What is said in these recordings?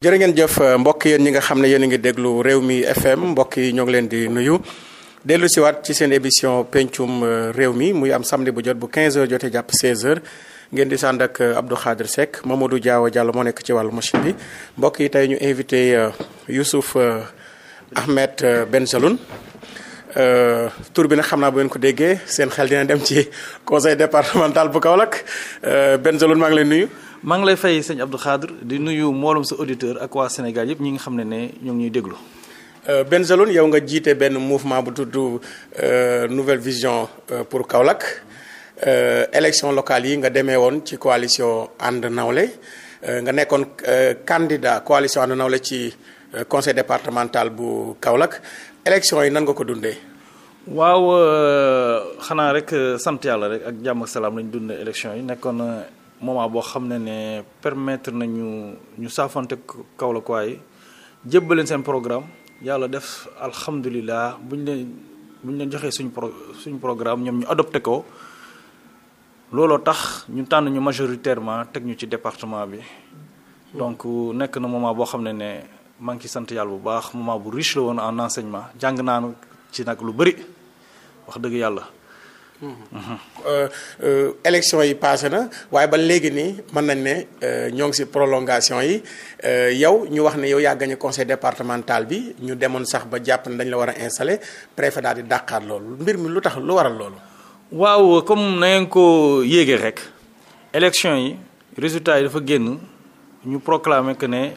jër ngeen jëf mbokk yéen ñi nga xam ne yéen a ngi déglu réew mi FM mbokk yi ñoo ngi leen di nuyu dellu siwaat ci seen émission pencum euh, réew mi muy am samedi bu jot bu 15h jotee jàpp 16h ngeen di sànd ak euh, Abdou Khadir Seck Mamadou Diaw Diallo moo nekk ci wàllu machine bi mbokk yi tey ñu invité euh, Youssouf Ahmed Bengelloune tur bi nag xam naa bu ween ko déggee seen xel dina dem ci conseil départemental bu kaw lak Bengelloune maa ngi leen nuyu. maa ngi lay fay sëñ Abdou Khadre di nuyu mbooloom sa auditeur ak waa Sénégal yëpp ñi nga xam ne ne ñoo ngi ñuy déglu. benn euh, Bengelloune yow nga jiite benn mouvement bu tudd euh, Nouvelle Vision euh, pour Kaolack élection locale yi nga demee woon ci coalition ànd nawle nga nekkoon candidat coalition ànd nawle ci conseil départemental bu Kaolack élection yi nan nga ko dundee. waaw xanaa rek sant yàlla rek ak jàmm salaam lañ dundee élection yi nekkoon. moment boo xam ne ne permettre nañu ñu saafante Kaolack waaye jébbal seen programme yàlla def alhamdulilah bu ñu leen bu ñu leen joxee suñu pro programme ñoom ñu adopté ko looloo tax ñu tànn ñu majoritairement teg ñu ci département bi. donc nekk na moment boo xam ne ne maa ngi ciy sant yàlla bu baax moment bu riche la woon en enseignement jàng naa ci nag lu bëri wax dëgg yàlla. Euh, euh, élection yi passé na waaye ba léegi nii mën nañ ne euh, ñoo ngi si prolongation yi yow ñu wax ne yow yaa gagné conseil départemental bi ñu demoon sax ba jàpp ne dañ la war a installé préfet daal di dàqaat loolu mbir mi lu tax lu waral loolu. waaw comme na ngeen ko yéegee rek. élection yi résultat yi dafa génn ñu proclamer que ne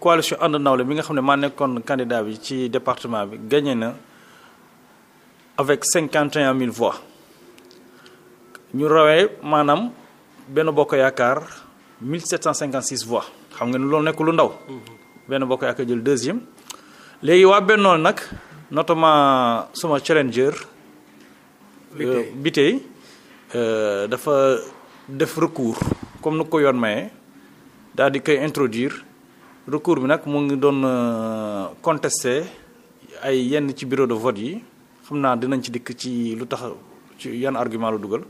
coalition ànd nawle bi nga xam ne maa nekkoon candidat bi ci département bi gagné na. avec cinquante et mille voix ñu rawee maanaam benn bokk yaakaar mille sept cent cinquante six voix xam nga ne loolu nekk lu ndaw. Mhm. benn bokk yaakaar jël deuxième. léegi waa bennoon nag notamment suma challenger. bi tey euh, euh, dafa def recours comme nu ko yoon maye daal di koy introduire recours bi nag mu ngi doon euh, contesté ay yenn ci bureau de vote yi. xam naa dinañ ci dikk ci lu tax ci yan argument la dugal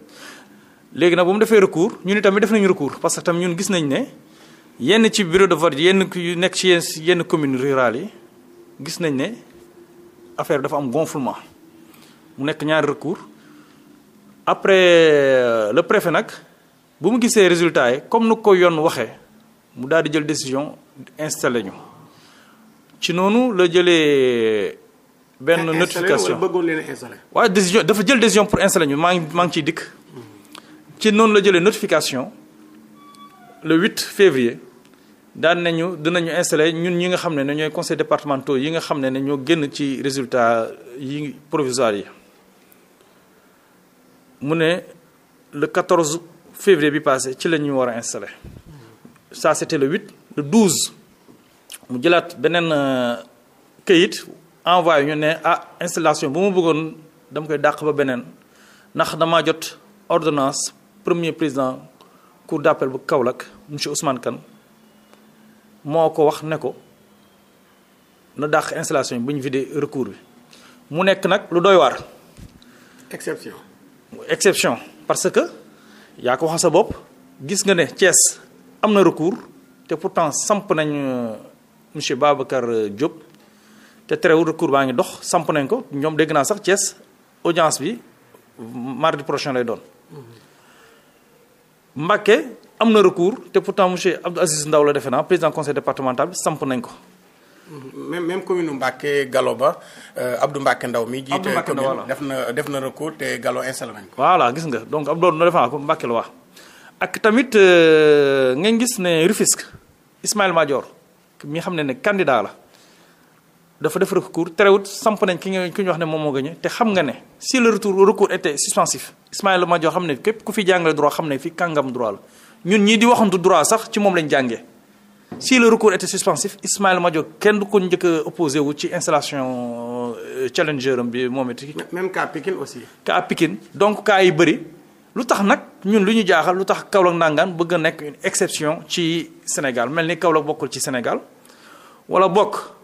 léegi nag bu mu defee recours ñun itamit def nañu recours parce que tam ñun gis nañ ne yenn ci bureau de vote yenn yu nekk ci yenn yenn communes rurales yi gis nañ ne affaire dafa am gonflement mu nekk ñaari recours après euh, le préfet nag bu mu gisee résultat yi comme nu ko yoon waxee mu daal di jël décision installé ñu ci noonu la jëlee. benn notification waaye décision dafa jël décision pour installer ñu maa ngi maa ngi ciy dikk. ci noonu la jëlee notification le 8 février daan nañu dinañu installer ñun ñi nga xam ne ne ñooy conseil départementaux yi nga xam ne ne ñoo génn ci résultat yi provisoire yi mu ne le 14 février bi passé ci la ñu war a installer ça c'était le 8 le 12 mu jëlaat beneen euh, kayit. envoyé ñu ne ah installation bu ma bëggoon dama koy dàq ba beneen ndax damaa jot ordonnance premier président cour d'appel bu Kaolack monsieur Ousmane moo ko wax ne ko na dàq installation bi ñu vidé recours bi mu nekk nag lu dooy waar. exception. exception parce que yaa ko wax sa bopp gis nga ne Thiès am na recours te pourtant samp nañ euh, monsieur Babacar euh, Diop. te terewul recours baa ngi dox samp nañ ko ñoom dégg naa sax Thiès audience bi mardi prochain lay doon. Mbacké am na recours te pourtant monsieur Abdou Aziz Ndaw la defe naa président conseil départemental bi samp nañ ko. même même commune Mbacké galo ba euh, Abdou Mbacké Ndaw mi jiite commune def na def na recours te galo installé nañ ko. voilà gis nga donc Abdou Ndaw defe naa ko Mbacké la wax ak tamit euh, ngeen gis ne Rufisque Ismaël Madior mi xam ne ne candidat dafa def recours terewut samp nañ ki nga ki ñu wax ne moom moo a te xam nga ne si le retour recours était suspensif Ismaïla Madior xam ne képp ku fi jàngale droit xam ne fi kàngam droit la ñun ñii di waxantu droit sax ci moom lañ jàngee si le recours était suspensif Ismaïla Madior kenn du ko njëkk a wu ci installation euh, challenger am bi moom it. même cas Pikine aussi. cas Pikine donc kaa yi bëri lu tax nag ñun lu ñu jaaxal lu tax Kaolack nangaan bëgg a nekk une ci Sénégal mel ni Kaolack bokkul ci Sénégal wala bokk.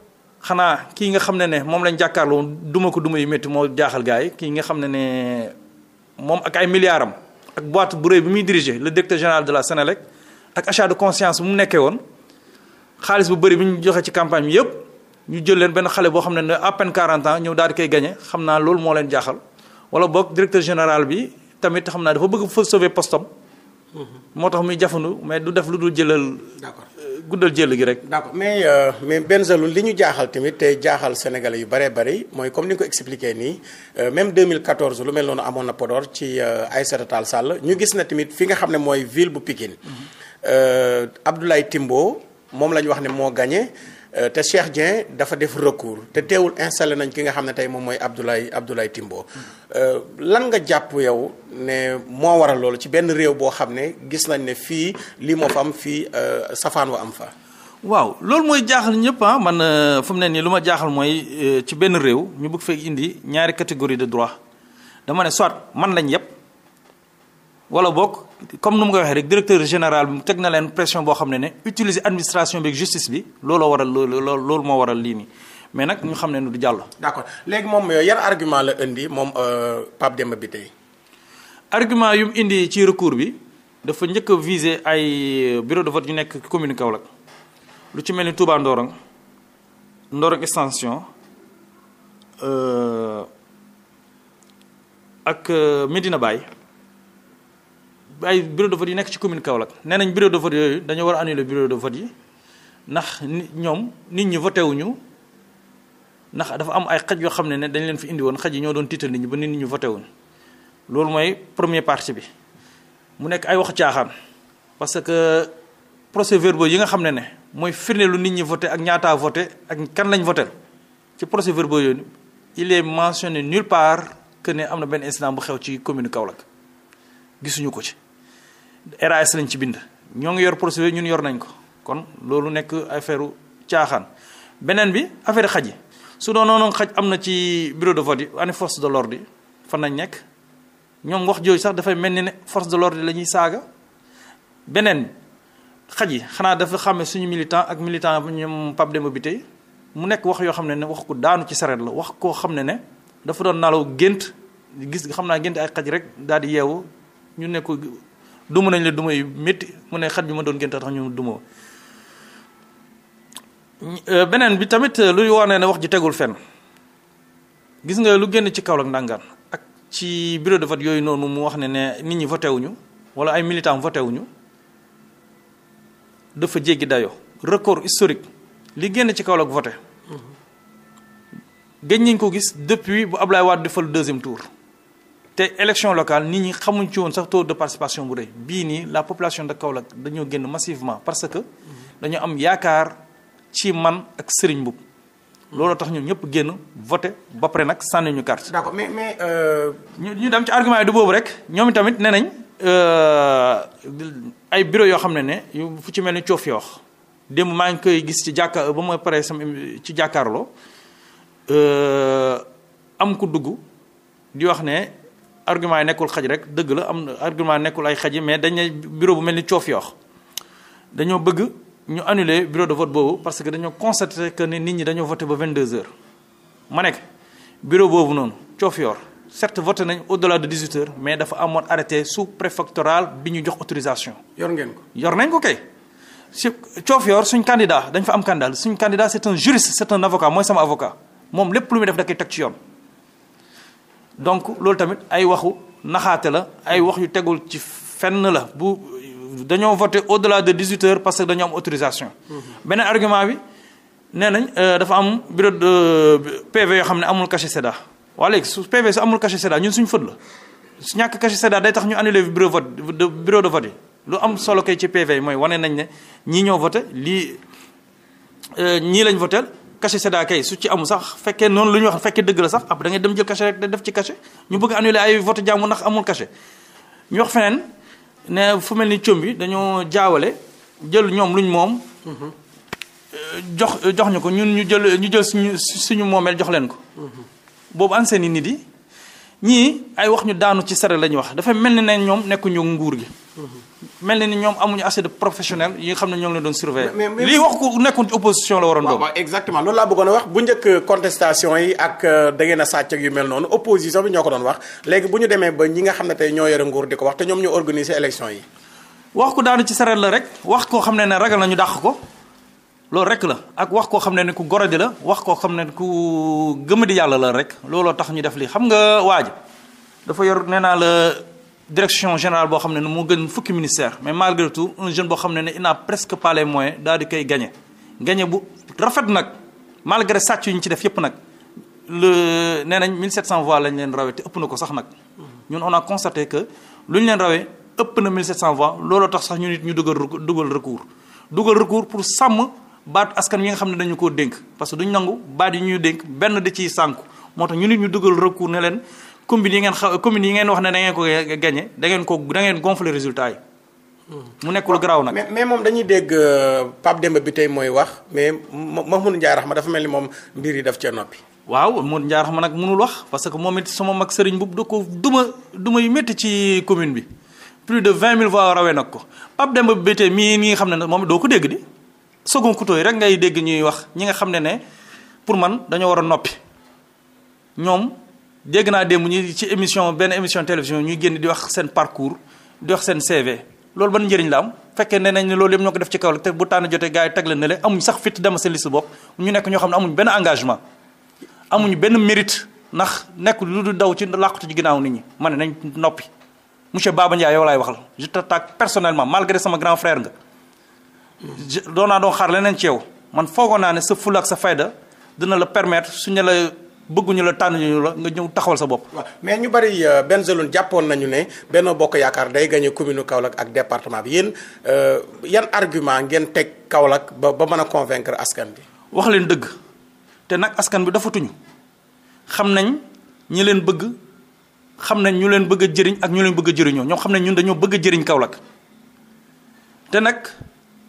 xanaa kii nga xam ne ne moom lañ jàkkaarloo duma ko duma yu métti moo jaaxal gars yi kii nga xam ne ne moom ak ay milliaram ak boîte bu rëy bi muy diriger le directeur général de la Sénélec ak achat de conscience bu mu nekkee woon xaalis bu bëri bi ñu joxe ci campagne bi yëpp ñu jël leen benn xale boo xam ne ne à peine 40 ans ñëw daal di koy gagné xam naa loolu moo leen jaaxal wala boog directeur général bi tamit xam naa dafa bëgg fa sauver mhm. moo tax muy jafandu mais du def lu dul jëlal d'accord guddal jël gi rek. d'accord mais euh, mais Bengelloune li ñu jaaxal tamit te jaaxal sénégalais yu bëree bëri mooy comme ni nga ko expliqué nii euh, même 2014 lu mel noonu amoon na Podor ci euh, ay Tall Sall ñu gis na tamit fi nga xam ne mooy ville bu Pikine mm-hmm. Abdoulaye timboo moom la ñu wax ne moo gagné. Euh, te Cheikh Dieng dafa def recours te teewul installé nañ ki nga xam ne tey moom mooy Abdoulaye Abdoulaye Timbo euh, lan nga jàpp yow ne moo waral loolu ci benn réew boo xam ne gis nañ ne fii lii moo fa am fii euh, safaan wa am fa. waaw loolu mooy jaaxal ñëpp ah man fu mu ne nii lu ma jaaxal mooy ci benn réew ñu bëgg fee indi ñaari catégorie de droit dama ne soit man lañ yëpp. wala bokk comme nu mu koy waxee rek directeur général bi teg na leen pression boo xam ne ne utiliser administration bi ak justice bi looloo waral loolu moo waral lii nii mais nag ñu xam ne du jàll. d'accord léegi moom euh, yan argument la indi moom euh, Pape Demba bi tey. argument yu mu indi ci recours bi dafa njëkk a viser ay euh, bureau de vote ñu nekk commune Kaolack lu ci mel ni Touba Ndorong Ndorong extension ak Medina Baye. ay bureau de vote yi nekk ci commune Kaolack nee nañ bureau de vote yooyu dañoo war a annuler bureau de vote yi ndax nit ñoom nit ñi voté wuñu ndax dafa am ay xaj yoo xam ne ne dañ leen fi indi woon xaj yi ñoo doon tiital nit ñi ba nit ñi voté wuñu loolu mooy premier partie bi mu nekk ay wax caaxaan parce que procès verbaux yi nga xam ne ne mooy firnde lu nit ñi vote ak ñaata voté ak kan lañ voté ci procès verbaux yooyu il est mentionné nulle part que am na benn incident bu xew ci commune Kaolack gisuñu ko ci. RAS lañ ci bind ñoo ngi yor procédure ñun yor nañ ko kon loolu nekk affaire caaxaan beneen bi affaire xaj yi su doon noonu xaj am na ci bureau de vote yi ani force de l'ordre yi fan nañ nekk ñoom wax jooju sax dafay mel ni ne force de l'ordre yi la ñuy saaga beneen xaj yi xanaa dafa xàmme suñu militant ak militant ñoom Pape bi tey mu nekk wax yoo xam ne ne wax ko daanu ci sareet la wax koo xam ne ne dafa doon nalaw gént gis xam naa gént ay xaj rek daal di yeewu ñu nekk duma nañ la duma yu métti mu ne xat bi ma doon génn gën tax ñu duma euh, beneen bi tamit euh, luy wane ne wax ji tegul fenn gis nga lu génn ci Kaolack ndàngaan ak ci bureau de vote yooyu noonu mu wax ne ne nit ñi voté wuñu wala ay militants voté dafa jéggi dayo record historique li génn ci Kaolack voté mm-hmm. gëj nañ ko gis depuis bu Ablaye Wade defal deuxième tour te élection locale nit ñi xamuñ ci woon sax taux de participation bu rëy bii nii la population de Kaolack dañoo génn massivement parce que dañoo am yaakaar ci man ak Serigne Mboup looloo tax ñun ñëpp génn voté ba pare nag sànni ñu carte. d'accord mais mais. Euh, ñu ñu dem ci argument yi du boobu rek ñoom tamit nee nañ euh, ay bureau yoo xam ne ne fu ci mel ni coof yoo wax démb maa ngi koy gis ci jàkka ba ma pare sama ci jàkkaarloo euh, am ku dugg di wax ne. argument yi nekkul xaj rek dëgg la am argument nekkul ay xaj yi mais dañ ne bureau bu mel ni coof dañoo bëgg ñu annuler bureau de vote boobu parce que dañoo constaté que ne nit ñi dañoo voté ba 22 heures ma nekk bureau boobu noonu coof yor vote voté nañ au delà de 18 heures mais dafa amoon arrêté sous préfectoral bi ñu jox autorisation. yor ngeen ko yor nañ ko kay. si coof yor suñ candidat dañ fa am candidat suñ candidat c' est un juriste c' est un lu muy def da koy teg ci yoon. donc loolu tamit ay waxu naxaate la ay wax yu tegul ci fenn la bu dañoo voté au-delà de de 18 heures parce que dañoo am autorisation. Mhm. beneen argument bi nee nañ euh, dafa am bureau de euh, PV yoo xam ne amul cachet SEDA waa léegi su PV su amul cachet SEDA ñun suñu fët la su ñàkk cachet SEDA day tax ñu annulé bureau vote bureau de vote lu am solo kay ci PV mooy wane nañ ne ñii ñoo voté lii euh, ñii lañ voté cachet SEDA kay su ci amu sax fekkee noonu lu ñu wax fekkee dëgg la sax après da ngay dem jël cachet rek da def ci cachet ñu bëgg annuler ay vote jàmm ndax amul cachet ñu wax feneen ne fu mel ni coom bi dañoo jaawale jël ñoom luñ moom. Mm-hmm. jox jox ñu ko ñun ñu jël ñu jël suñu suñu moomeel jox leen ko. Mm-hmm. boobu an seen i nit yi. ñii ay wax ñu daanu ci sare la ñuy wax dafa mel ni ne ñoom nekkuñu nguur gi. mel na ni ñoom amuñu assez de professionnel yi xam ne ñoo ngi doon surveiller. lii wax ku nekkoon ci opposition la waroon doon. waaw exactement loolu laa bëggoon a wax bu njëkk contestation yi ak euh, da na a sàcc ak yu mel noonu opposition bi ñoo ko doon wax léegi bu ñu demee ba ñi nga xam ne tey ñoo yore nguur di ko wax te ñoom ñu organiser élection yi. wax ku daanu ci sareet la rek wax koo xam ne ne ragal nañu dàq ko loolu rek la ak wax koo xam ne ne ku gorodi la wax koo xam ne ku gëm di yàlla la rek looloo tax ñu def lii xam nga waaj dafa yor nee naa la direction générale boo xam ne ne moo gën fukki ministère mais malgré tout un jeune boo xam ne ne il n'a presque pas les moyens daal di koy gagné gagné bu rafet nag malgré sàcc yu ñu ci def yépp nag le nee nañ 1700 voix lañ leen rawee te ëpp na ko sax nag ñun on a que lu ñu leen rawee ëpp na 1700 voix looloo tax sax ñu nit ñu dugal dugal recours dugal recours pour baat askan wi nga xam ne dañu koo dénk parce que duñ nangu baat yi ñuy dénk benn da ciy sànku moo tax ñu nit ñu dugal recours ne leen commune yi ngeen xa commune yi ngeen wax ne da ngeen ko gagné da ngeen ko da ngeen gonfler résultat yi. mu nekk lu garaaw nag. mais mais moom dañuy dégg euh, Pape Demba bi tey mooy wax mais Mahmoud Ndiaye Rahma dafa mel ni moom mbir yi cee noppi. waaw Mahmoud Ndiaye Rahma nag mënul wax parce que moom it sama mag Serigne Boub da ko duma duma métti ci commune bi plus de vingt mille voix rawee nag ko Pape Demba bi tey mii nga xam ne moom doo ko dégg di. second couteau yi rek ngay dégg ñuy wax ñi nga xam ne ne pour man dañoo war a noppi ñoom dégg naa démb ñu ci émission benn émission télévision ñuy génn di wax seen parcours di wax seen CV loolu ban njëriñ la am fekkee ne nañ ne loolu yëpp ñoo ko def ci kaw te bu tànn jotee gars yi teg la ne le amuñ sax fit dama seen liste bopp ñu nekk ñoo xam ne amuñ benn engagement amuñ benn mérite ndax nekk lu du daw ci làqatu ci ginnaaw nit ñi ma ne nañ noppi monsieur Baba Ndiaye yow laay waxal je t'attaque personnellement malgré sama grand nga doon naa doon xaar leneen ci yow man foogoo naa ne sa fula ak sa fayda dina la permettre suñu la bëgguñu la tànn ñu la nga ñëw taxawal sa bopp. mais ñu bari euh, benn zone jàppoon nañu ne benn Bokk Yaakaar day gagné commune Kaolack ak département bi yéen euh, yan argument ngeen teg Kaolack ba ba mën a convaincre askan bi. wax leen dëgg te nag askan bi dafa tuñu xam nañ ñi leen bëgg xam nañ ñu leen bëgg jëriñ ak ñu leen bëgg jëriñoo ñoo xam ne ñun dañoo bëgg a jëriñ Kaolack nag.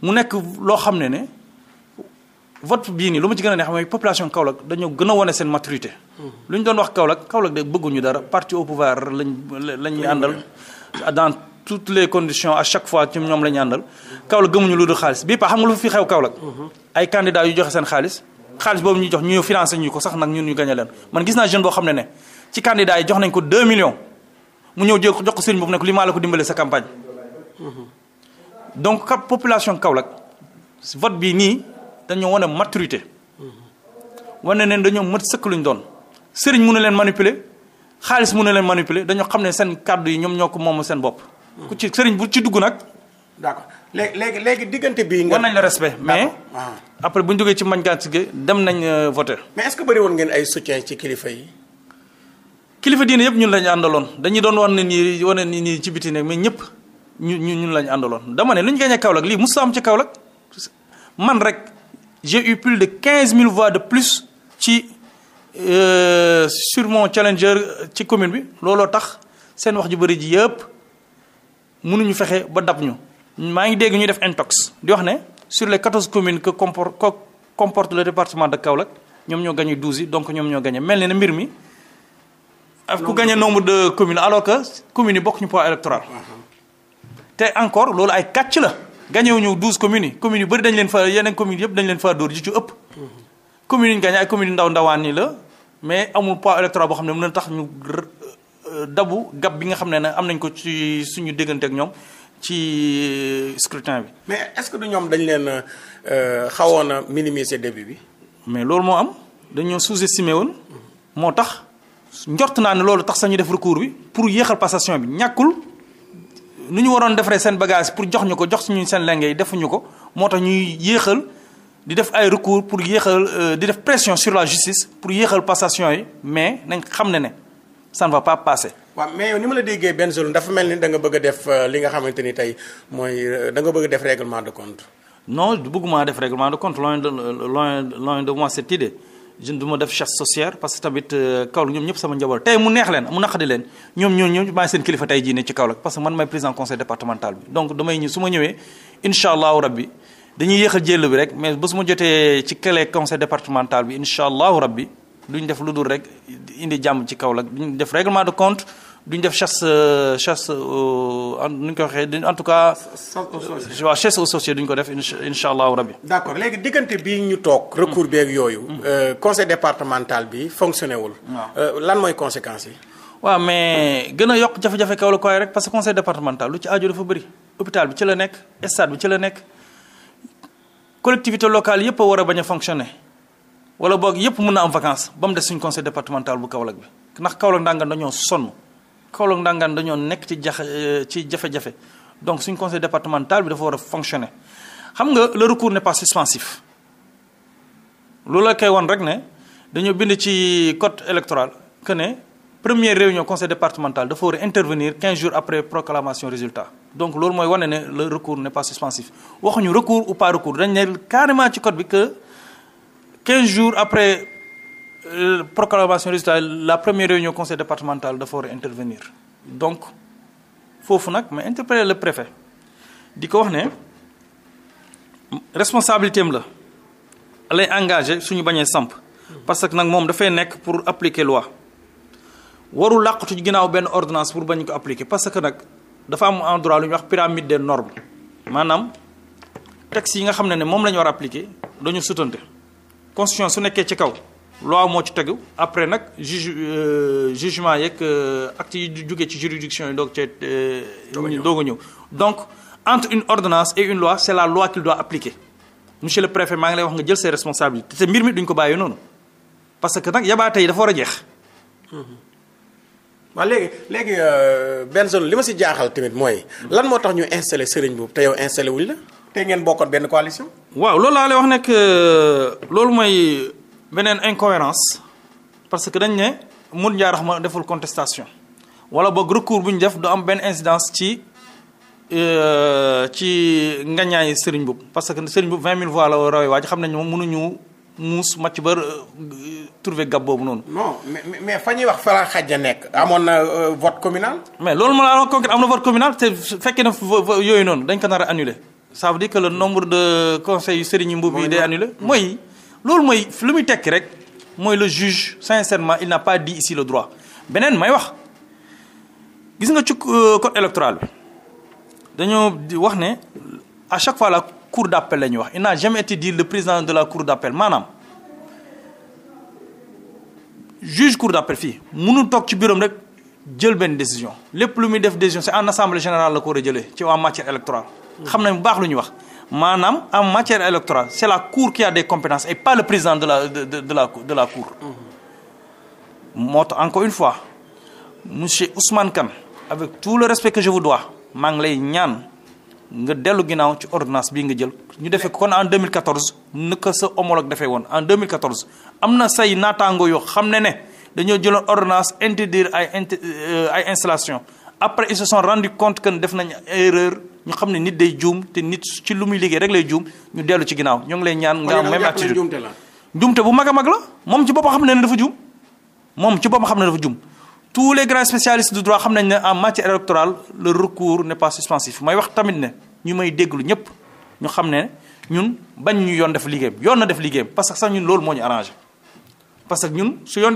mu nekk loo xam ne ne vote bii nii lu ma ci gën a neex mooy population Kaolack dañoo gën a wone seen maturité. Mm-hmm. lu ñu doon wax Kaolack Kaolack de bëgguñu dara parti au pouvoir lañ lañuy àndal dans toutes les conditions à chaque fois ci ñoom la ñu àndal. Kaolack gëmuñu lu dul xaalis bii pa xam nga lu fi xew Kaolack. Mm-hmm. ay candidats yu joxe seen xaalis. xaalis boobu ñu jox ñu financé ñu ko sax nag ñun ñu gagné leen man gis naa jeune boo xam ne ne ci candidat yi jox nañ ko 2 millions mu ñëw jox ko sëriñ boobu nekk li maa la ko dimbalee sa donc ka population Kaolack vote bii nii dañoo wane maturité wane ne dañoo mët sëkk luñ doon sëriñ mu ne leen manipuler xaalis mu ne leen manipule dañoo xam ne seen kàddu yi ñoom ñoo ko moom seen bopp. ku ci sëriñ bu ci dugg nag. d'accord léegi léegi léegi diggante bii. nga war nañ la respect mais. Ah. après bu ñu duggee ci Mbagnick Gueye dem nañ euh, voter mais est-ce que woon ngeen ay soutien ci kilifa yi. kilifa diine yëpp ñun lañu àndaloon dañu doon wan ne nii wane nii ci biti ne mais ñëpp. ñu ñu ñun lañu àndaloon dama ne lu ñu gañe Kaolack lii musu am ci Kaolack man rek j'ai u plus de quinze mille voix de plus ci euh, sur mon challenger euh, ci commune bi looloo tax seen wax ju bëri ji yëpp mënuñu fexe ba dab ñu maa ngi dégg ñu def intox di wax ne sur les quatorze communes que compor que comporte le département de Kaolack ñoom ñoo gagné douze yi donc ñoom ñoo gagné mel ni ne mbir mi. ak ku gagné nombre de commune alors que commune yi bokkuñu poids électoral. Uh-huh. te encore loolu ay kàcc la gañewu ñu douze communes yi communes yu bëri dañ leen fa yeneen communes yëpp dañ leen fa dóor ji ci ëpp communes yi ñu gañe ay communes yu ndaw ndawaan yi la mais amul poids électoral boo xam ne mën na tax ñu euh, dabu gab bi nga xam ne ne am nañ ko ci suñu déggante ak ñoom ci euh, scrutin bi. mais est-ce que du ñoom dañ leen euh, xawoon a minimiser début bi. mais loolu moo am dañoo sous-estimé woon moo tax njort naa ne loolu tax sañu def recours bi pour yéexal passation bi ñàkkul. nu ñu waroon defaree seen bagage pour jox ñu ko jox suñu seen lenge yi defuñu ko moo tax ñuy yéexal di def ay recours pour yéexal euh, di def pression sur la justice pour yéexal passation yi mais nañ xam ne ne ça ne va pas passer. waaw mais yow ni ma la déggee benn zone dafa mel ni da nga bëgg a def euh, li nga xamante ni tey mooy euh, da nga bëgg a def règlement de compte. non bëgguma def règlement de compte loin de loin loin de moi cette idée. jeune du ma def chasse sociale parce que tamit euh, Kaolack ñoom ñëpp sama njaboot tey mu neex leen mu naqadi leen ñoom ñoo ñoom maa seen kilifa tey jii ne ci Kaolack parce que man may président conseil départemental bi donc damay ñu su ma ñëwee incha allahu rabbi dañuy yéexal jël bi rek mais ba su ma jotee ci kële conseil départemental bi incha allahu rabbi duñ def lu dul rek indi jàmm ci kaw Kaolack ñu def règlement de compte duñ def chasse euh, chasse euh, nu ñu ko waxee en tout cas. Euh, waaw chasse aux sorciers duñ ko def incha allahu rabbi. d' accord léegi diggante bii ñu toog. recours beeg yooyu. Mm-hmm. conseil départemental bi fonctionné wul. lan mooy conséquence yi. waaw mais gën a yokk jafe-jafe kaw rek parce que conseil départemental lu ci aajo dafa bëri. hôpital bi ci la nekk stade bi ci la nekk collectivité locale yëpp a war a bañ a fonctionner wala boog yëpp mën na am vacance ba mu des suñ conseil départemental bu Kaolack bi ndax Kaolack ndànk dañoo sonn. Kaolack Ndangaan dañoo nekk ci jax euh, ci jafe-jafe donc suñ conseil départemental bi dafa war a fonctionner xam nga le recours n'est pas suspensif loolu la koy wan rek ne dañoo bind ci code électoral que ne première réunion conseil départemental dafa war a intervenir 15 jours après proclamation résultat donc loolu mooy wane ne le recours n'est pas suspensif waxuñu recours ou pas recours dañ ne carrément ci code bi que 15 jours après. Euh, proclamation résultat euh, la première réunion conseil départemental dafa war a intervenir donc foofu nag ma interpeller le préfet di ko wax ne responsabilité am la lay engagé suñu bañee samp parce que nag moom dafay nekk pour appliquer loi warul làqatu ginnaaw benn ordinance pour bañ ko appliquer parce que nag dafa am en lu ñuy wax pyramide des normes maanaam texte yi nga xam ne ne moom la ñu war a appliquer dañu sutante constitution su nekkee ci kaw loi moo ci tegu après nag juge euh, jugement yeeg euh, acte yi jógee ci juridiction yi doog cee. Euh, doog a ñëw donc entre une ordonnance et une loi c' est la loi qu'il doit appliquer monsieur le préfet maa ngi lay wax nga jël ses responsabilités te mbir mi duñ ko bàyyi noonu parce que nag yabaate yi dafa war a jeex. Mmh. waaw léegi léegi benn zone li ma si jaaxal tamit mooy. lan moo tax ñu installé sëriñ boobu te yow installé wuñ la. te ngeen bokkoon benn coalition. waaw loolu laa lay wax nekk loolu mooy. beneen incohérence parce que dañ ne mun njaarax ma deful contestation wala boog recours bu ñu def du am benn incidence ci euh, ci ngañaayi Serigne Mboup parce que Serigne Mboup 20 000 voix la rawee waaj xam nañ moom mënuñu muus màcc ba euh, trouver gab boobu noonu. non mais mais fa ñuy wax Fara Khadja nekk amoon na euh, vote communal. mais loolu ma la concret am na vote communal te fekkee na yooyu noonu dañ ko nar a annulé ça veut que le nombre de conseil Serigne Mboup yi day annulé mooy. loolu mooy lu muy tekki rek mooy le juge sincèrement il n'a pas dit ici le droit beneen may wax gis nga ci euh, code électoral bi dañoo wax ne à chaque fois la cour d'appel la wax il n'a jamais été dit le président de la cour d'appel maanaam juge cour d'appel fii mënul toog ci bureau rek jël benn décision lépp lu muy def décision c'est en assemblée générale la koo war a jëlee ci waa matière électorale xam nañ bu baax lu ñuy wax maanaam en matière électorale c'est la cour qui a des compétences et pas le président de la de de, de la cour. Mm-hmm. moo tax encore une fois monsieur Ousmane Kane avec tout le respect que je vous dois maa ngi lay ñaan nga dellu ginnaaw ci ordinance bii nga jël. ñu defee kon en 2014 naka sa homologue defee woon en 2014 am na say naataango yoo xam ne ne dañoo jëloon ordinance interdire ay euh, ay installation. après ils se sont rendu compte que def nañ erreur ñu xam ne nit day juum te nit ci lu muy liggéey rek lay juum ñu dellu ci ginnaaw ñoo ngi lay ñaan nga am même attitude juumte bu mag a mag la moom ci boppam xam ne ne dafa juum ne dafa juum tous les grands spécialistes du droit xam nañ ne en matière électorale le recours n'est pas suspensif may wax tamit ne ñu may déglu ñëpp ñu xam ne ñun bañ ñu yoon def liggéeyam yoon na def liggéeyam parce que sax ñun loolu moo ñu arrangé parce que ñun su yoon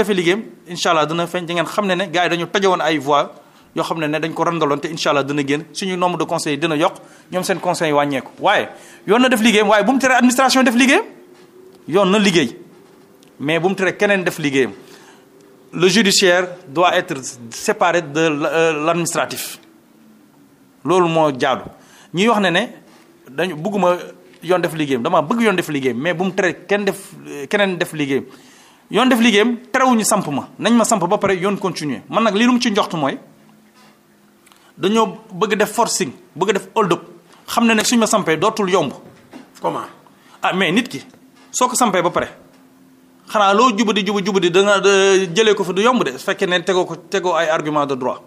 incha allah dina feeñ da xam ne ne gars yi dañu tojowoon ay voix yoo xam ne ne dañ ko randaloon te incha allah dana génn suñu nomb de conseillers dina yokk ñoom seen conseil wàññeeku waaye yoon na def liggéeyam waaye bu mu tere administration def liggéeyam yoon na liggéey mais bu mu tere keneen def liggéeyam le judiciaire doit être séparé de euh, l'administratif loolu moo jaadu ñuy wax ne ne dañu bëgguma yoon def liggéeyam dama bëgg yoon def liggéeyam mais bu mu tere kenn def keneen def liggéeyam yoon def liggéeyam terewuñu samp ma nañ ma samp ba pare yoon continuer man nag lii lu mu ci njoxtu mooy dañoo bëgg def forcing bëgg def hold up xam na ne suñ ma sampee dootul yomb. comment ah mais nit ki soo ko sampee ba pare xanaa loo jubadi jubadi jubadi da nga jëlee ko fi du yomb de su fekkee ne tegoo ko tegoo ay argument de droit.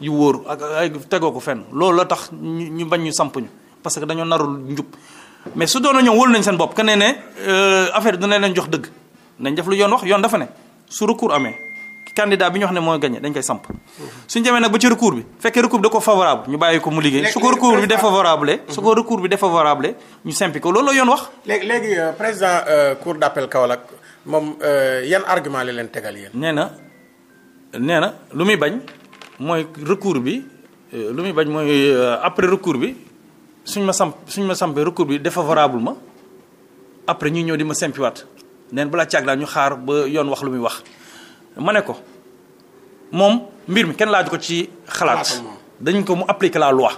yu wóoru ak tegoo ko fen loolu la tax ñu bañ ñu samp parce que dañoo narul njub mais su doona ñëw wóolu nañ seen bopp que ne ne euh, affaire dina leen jox dëgg nañ def lu yoon wax yoon dafa ne su recours amee. candidat bi ñu wax ne mooy gagné dañ koy samp suñu demee nag ba ci recours bi fekkee recours bi da ko favorable ñu bàyyi ko mu liggéey su ko recours bi défavorable su ko recours bi ñu simpi ko loolu la yoon wax léegi léegi euh, président euh, cour d'appel Kaolack moom euh, yan argument leen tegal yéen nee na nee na lu muy bañ mooy recours bi lu muy bañ mooy après recours bi suñ ma samp suñ ma sampee recours bi défavorable ma après ñuy ñëw di ma simpiwaat neen balaa caag laa ñu xaar ba yoon wax lu muy wax ma ne ko moom mbir mi kenn laaj ko ci xalaat dañ ko mu appliquer la loi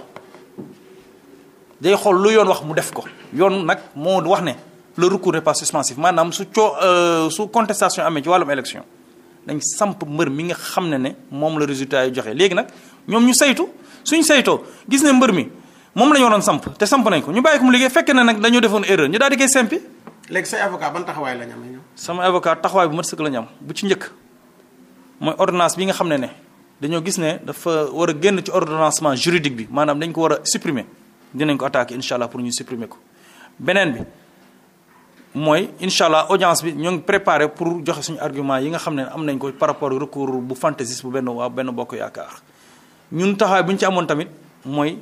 day xool lu yoon wax mu def ko yoon nag moo wax ne le recours n'est pas suspensif maanaam su coo euh, su contestation amee ci wàllum élection dañ samp mbër mi nga xam ne ne moom la résultat yu joxe léegi nag ñoom ñu saytu suñ saytoo gis ne mbër mi moom la ñu samp te samp nañ ko ñu bàyyi ko mu liggéey fekkee ne nag dañoo defoon erreur ñu daal di koy sempi. léegi say avocat ban taxawaay la ñu am sama avocat taxawaay bu mat sëkk la am bu ci njëkk. mooy ordonnance bi nga xam ne ne dañoo gis ne dafa war a génn ci ordonnancement juridique bi maanaam dañ ko war a suprimer dinañ ko attaquer incha allah pour ñu supprimer ko beneen bi mooy incha allah audience bi ñoo ngi préparé pour joxe suñu argument yi nga xam ne am nañ ko par rapport recours bu fantaisiste bu benn waa benn bokk yaakaar ñun taxawaay bu ñu ci amoon tamit mooy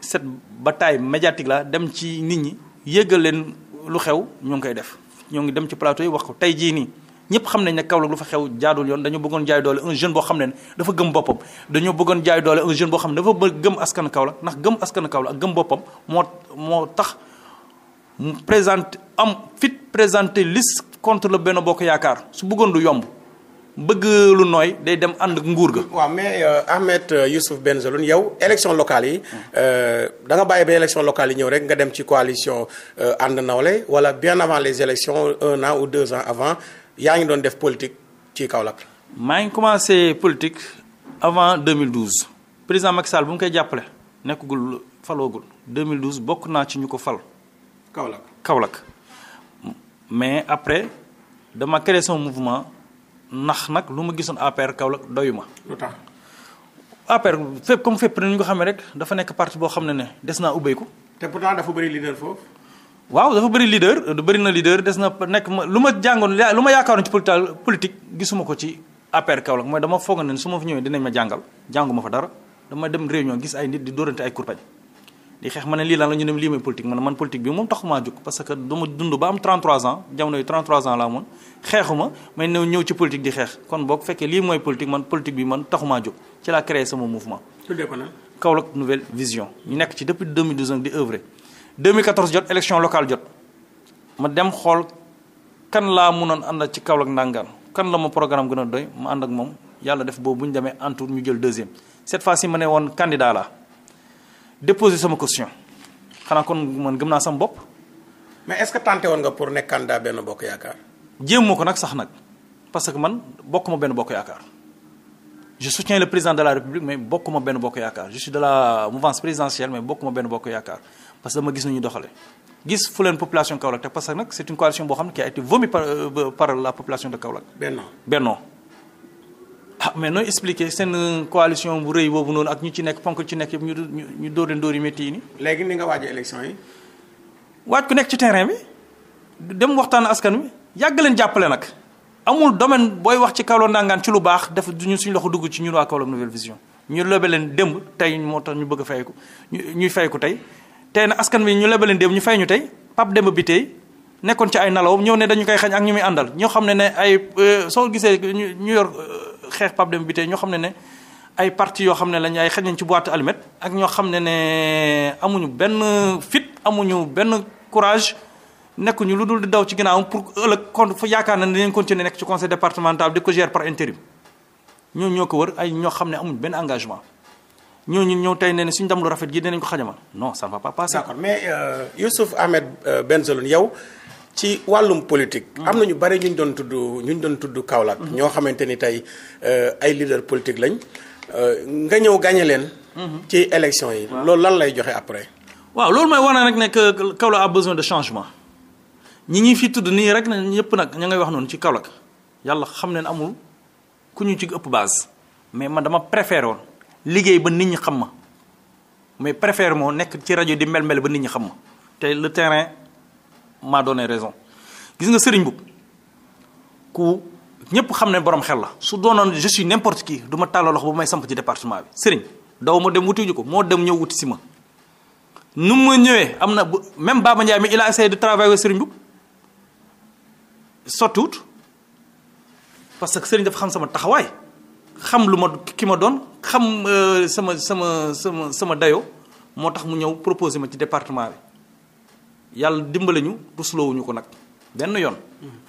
cette bataille médiatique la dem ci nit ñi yëgal leen lu xew ñoo ngi koy def ñoo ngi dem ci plateau yi wax ko tey jii nii. yépp xam nañ ne Kaolack lu fa xew jaadul yoon dañoo bëggoon jaay doole un jeune boo xam ne dafa gëm boppam dañoo bëggoon jaay doole un jeune boo xam ne dafa bëgg gëm askan Kaolack ndax gëm askan Kaolack ak gëm boppam moo moo tax mu am fit présenté liste contre benn Benno Bokk Yaakaar su bëggoon du yomb bëgg lu nooy day dem ànd ak nguur ga. waaw mais euh, Ahmed benn euh, Bengelloune yow élection locale yi. Mm. Euh, da nga bàyyi ba élection locale yi ñëw rek nga dem ci coalition ànd nawle wala bien avant les élections un an ou deux avant yaa ngi doon def politique ci Kaolack. maa ngi commencé politique avant 2012 président Macky Sall bu mu koy jàppale nekkagul faloogul 2012 bokk naa ci ñu ko fal. Kaolack Kaolack mais après dama créé son mouvement ndax nag lu ma gisoon APR Kaolack doyuma. lu tax APR fépp comme fépp ni ñu ko xamee rek dafa nekk parti boo xam ne ne des naa ubbeeku. te pourtant dafa bëri leader foofu. waaw dafa bëri leader bëri na leader des na nekk ma lu ma jàngoon lu ma yaakaaroon ci politique gisuma ko ci APR Kaolack mooy dama foog ne su ma fi ñëwee dinañ ma jàngal ma fa dara dama dem réunion gis ay nit di dóorante ay kurpañ di xeex ma ne lii lan la ñu lii mooy politique man man politique bi moom taxumaa jóg parce que dama dund ba am 33 ans jamono yi 33 ans laa amoon xeexuma may new ñëw ci politique di xeex kon boog fekkee lii mooy politique man politique bi man taxumaa jóg ci sama mouvement. tuddee ko ñu nekk ci depuis 2012 2014 jot élection locale jot ma dem xool kan laa mun munoon ànd ci Kaolack ndàngaan kan la ma programme gën a doy ma ànd ak moom yàlla def boobu bu ñu demee en tour ñu jël deuxième cette fois si ma ne woon candidat la dépose sama caution xanaa kon man gëm naa sama bopp. mais est-ce que tenté woon nga pour nekk candidat benn bokk yaakaar. jéem ma ko nag sax nag parce que man bokkuma benn bokk yaakaar je soutiens le président de la république mais benn bokk yaakaar je de la mouvance présidentielle mais bokkuma benn bokk yaakaar. parce que dama gis nañu doxale gis fu leen population Kaolack te parce que nag c'est une coalition boo xam ne qui a été vomi euh, par la population de Kaolack. Benno Benno ah mais nooy expliquer seen euh, coalition bu rëy boobu noonu ak ñu ci nekk ponk ci nekk yëpp ñu ñu ñu dóor leen dóor yi métti yi nii. léegi ni nga waaj élection yi. waaj ku nekk ci terrain bi dem waxtaan askan wi yàgg leen jàppale nag amul domaine booy wax ci Kaolack ndangaan ci lu baax def ñun suñu loxo dugg ci ñun waa Kaolack Nouvelle Vision ñu lebe leen démb tey moo tax ñu bëgg a fay ko ñuy fay ko tey. tey na askan wi ñu lebaleen démb ñu fay ñu tey Pape Demba bi tey nekkoon ci ay nalawam ñëw ne dañu koy xañ ak ñu muy àndal ñoo xam ne ne ay euh, soo gisee ñu yor euh, xeex Pape Demba ñoo xam ne ne ay parti yoo xam ne lañ ay xañ nañ ci boîte allumette ak ñoo xam ne ne amuñu benn fit amuñu benn courage nekkuñu lu dul di daw ci ginnaawam pour ëllëg kon fu yaakaar na ne dinañ continuer nekk ci conseil départemental di ko gérer par intérim ñoo ñoo ko wër ay ñoo xam ne amuñu benn engagement ñooñu ñëw tey ne ne suñu ndam lu rafet gi dinañ ko xajamal non ça ne va pas passer. d'accord mais euh, Youssouf Ahmed euh, Bengelloune yow ci wàllum politique. Mm. am na ñu bari ñu doon tudd ñu doon tudd Kaolack. Mm-hmm. ñoo xamante ni tey euh, ay leader politique lañ euh, nga ñëw gagné leen. Mm-hmm. ci élection yi. loolu lan lay joxe après. waaw loolu may wane rek ne que Kaolack besoin de changement ñi ñi fi tudd nii rek na ñëpp nag ña ngay wax noonu ci Kaolack yàlla xam leen amul ku ñu ci ëpp baas mais ma dama préféré woon liggéey ba nit ñi xam ma mais préfère moo nekk ci rajo di mel-mel ba nit ñi xam ma te le terrain m'a donné raison gis nga sëriñ Mboup ku ñëpp xam ne borom xel la su doonoon je suis n'importe kii du ma tàllal loxo ba may samp ci département bi Serigne daw ma dem wuti ji ko moo dem ñëw wuti si ma nu ma ñëwee am na même Baba Ndiaye mi il a essayé de travailler Serigne Mboup sottiwut parce que Serigne dafa xam sama taxawaay xam lu ma ki ma doon xam euh, sama sama sama sama dayoo moo tax mu ñëw proposé ma ci département bi yàlla dimbali ñu rusloowuñu ko nag benn yoon.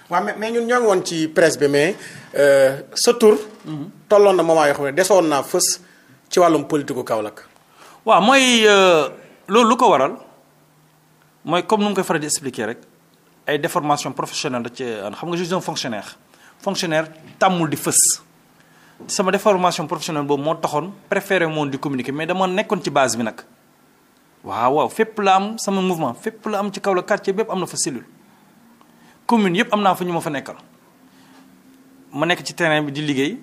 waaw mais mais ñun ñoo woon ci presse bi mais euh, sa tour mhm. tolloon na moment yoo xam ne desoon naa fës ci wàllum politique gu Kaolack. waa mooy euh, loolu lu ko waral mooy comme nu mu koy faral di rek ay deformation professionnelle da cee xam nga je suis un tàmmul di fës. sama déformation professionnelle boobu moo taxoon préféré moom di communiquer mais dama nekkoon ci base bi nag waaw waaw fépp la am sama mouvement fépp la am ci kaw la quartier bépp am na fa cellule commune yëpp am naa fa ñu ma fa nekkal ma nekk ci terrain bi di liggéey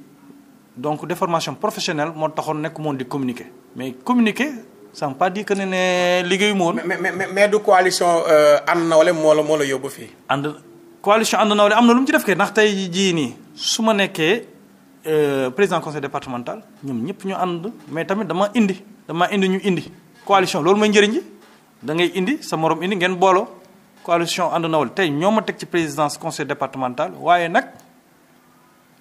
donc déformation professionnelle moo taxoon nekk moom di communiquer mais communiquer ça ne pas dire que ne ne liggéeyu moon mais mais mais du coalition euh, ànd nawle moo la moo la yóbbu fii. ànd coalition ànd am na lu ci def ndax tey jii nii su ma nekkee. Euh, président conseil départemental ñoom ñëpp ñu ànd mais tamit dama indi dama indi ñu indi coalition loolu mooy njëriñ ji da ngay indi sa moroom indi ngeen booloo coalition ànd nawal tey ñoo ma teg ci présidence conseil départemental waaye nag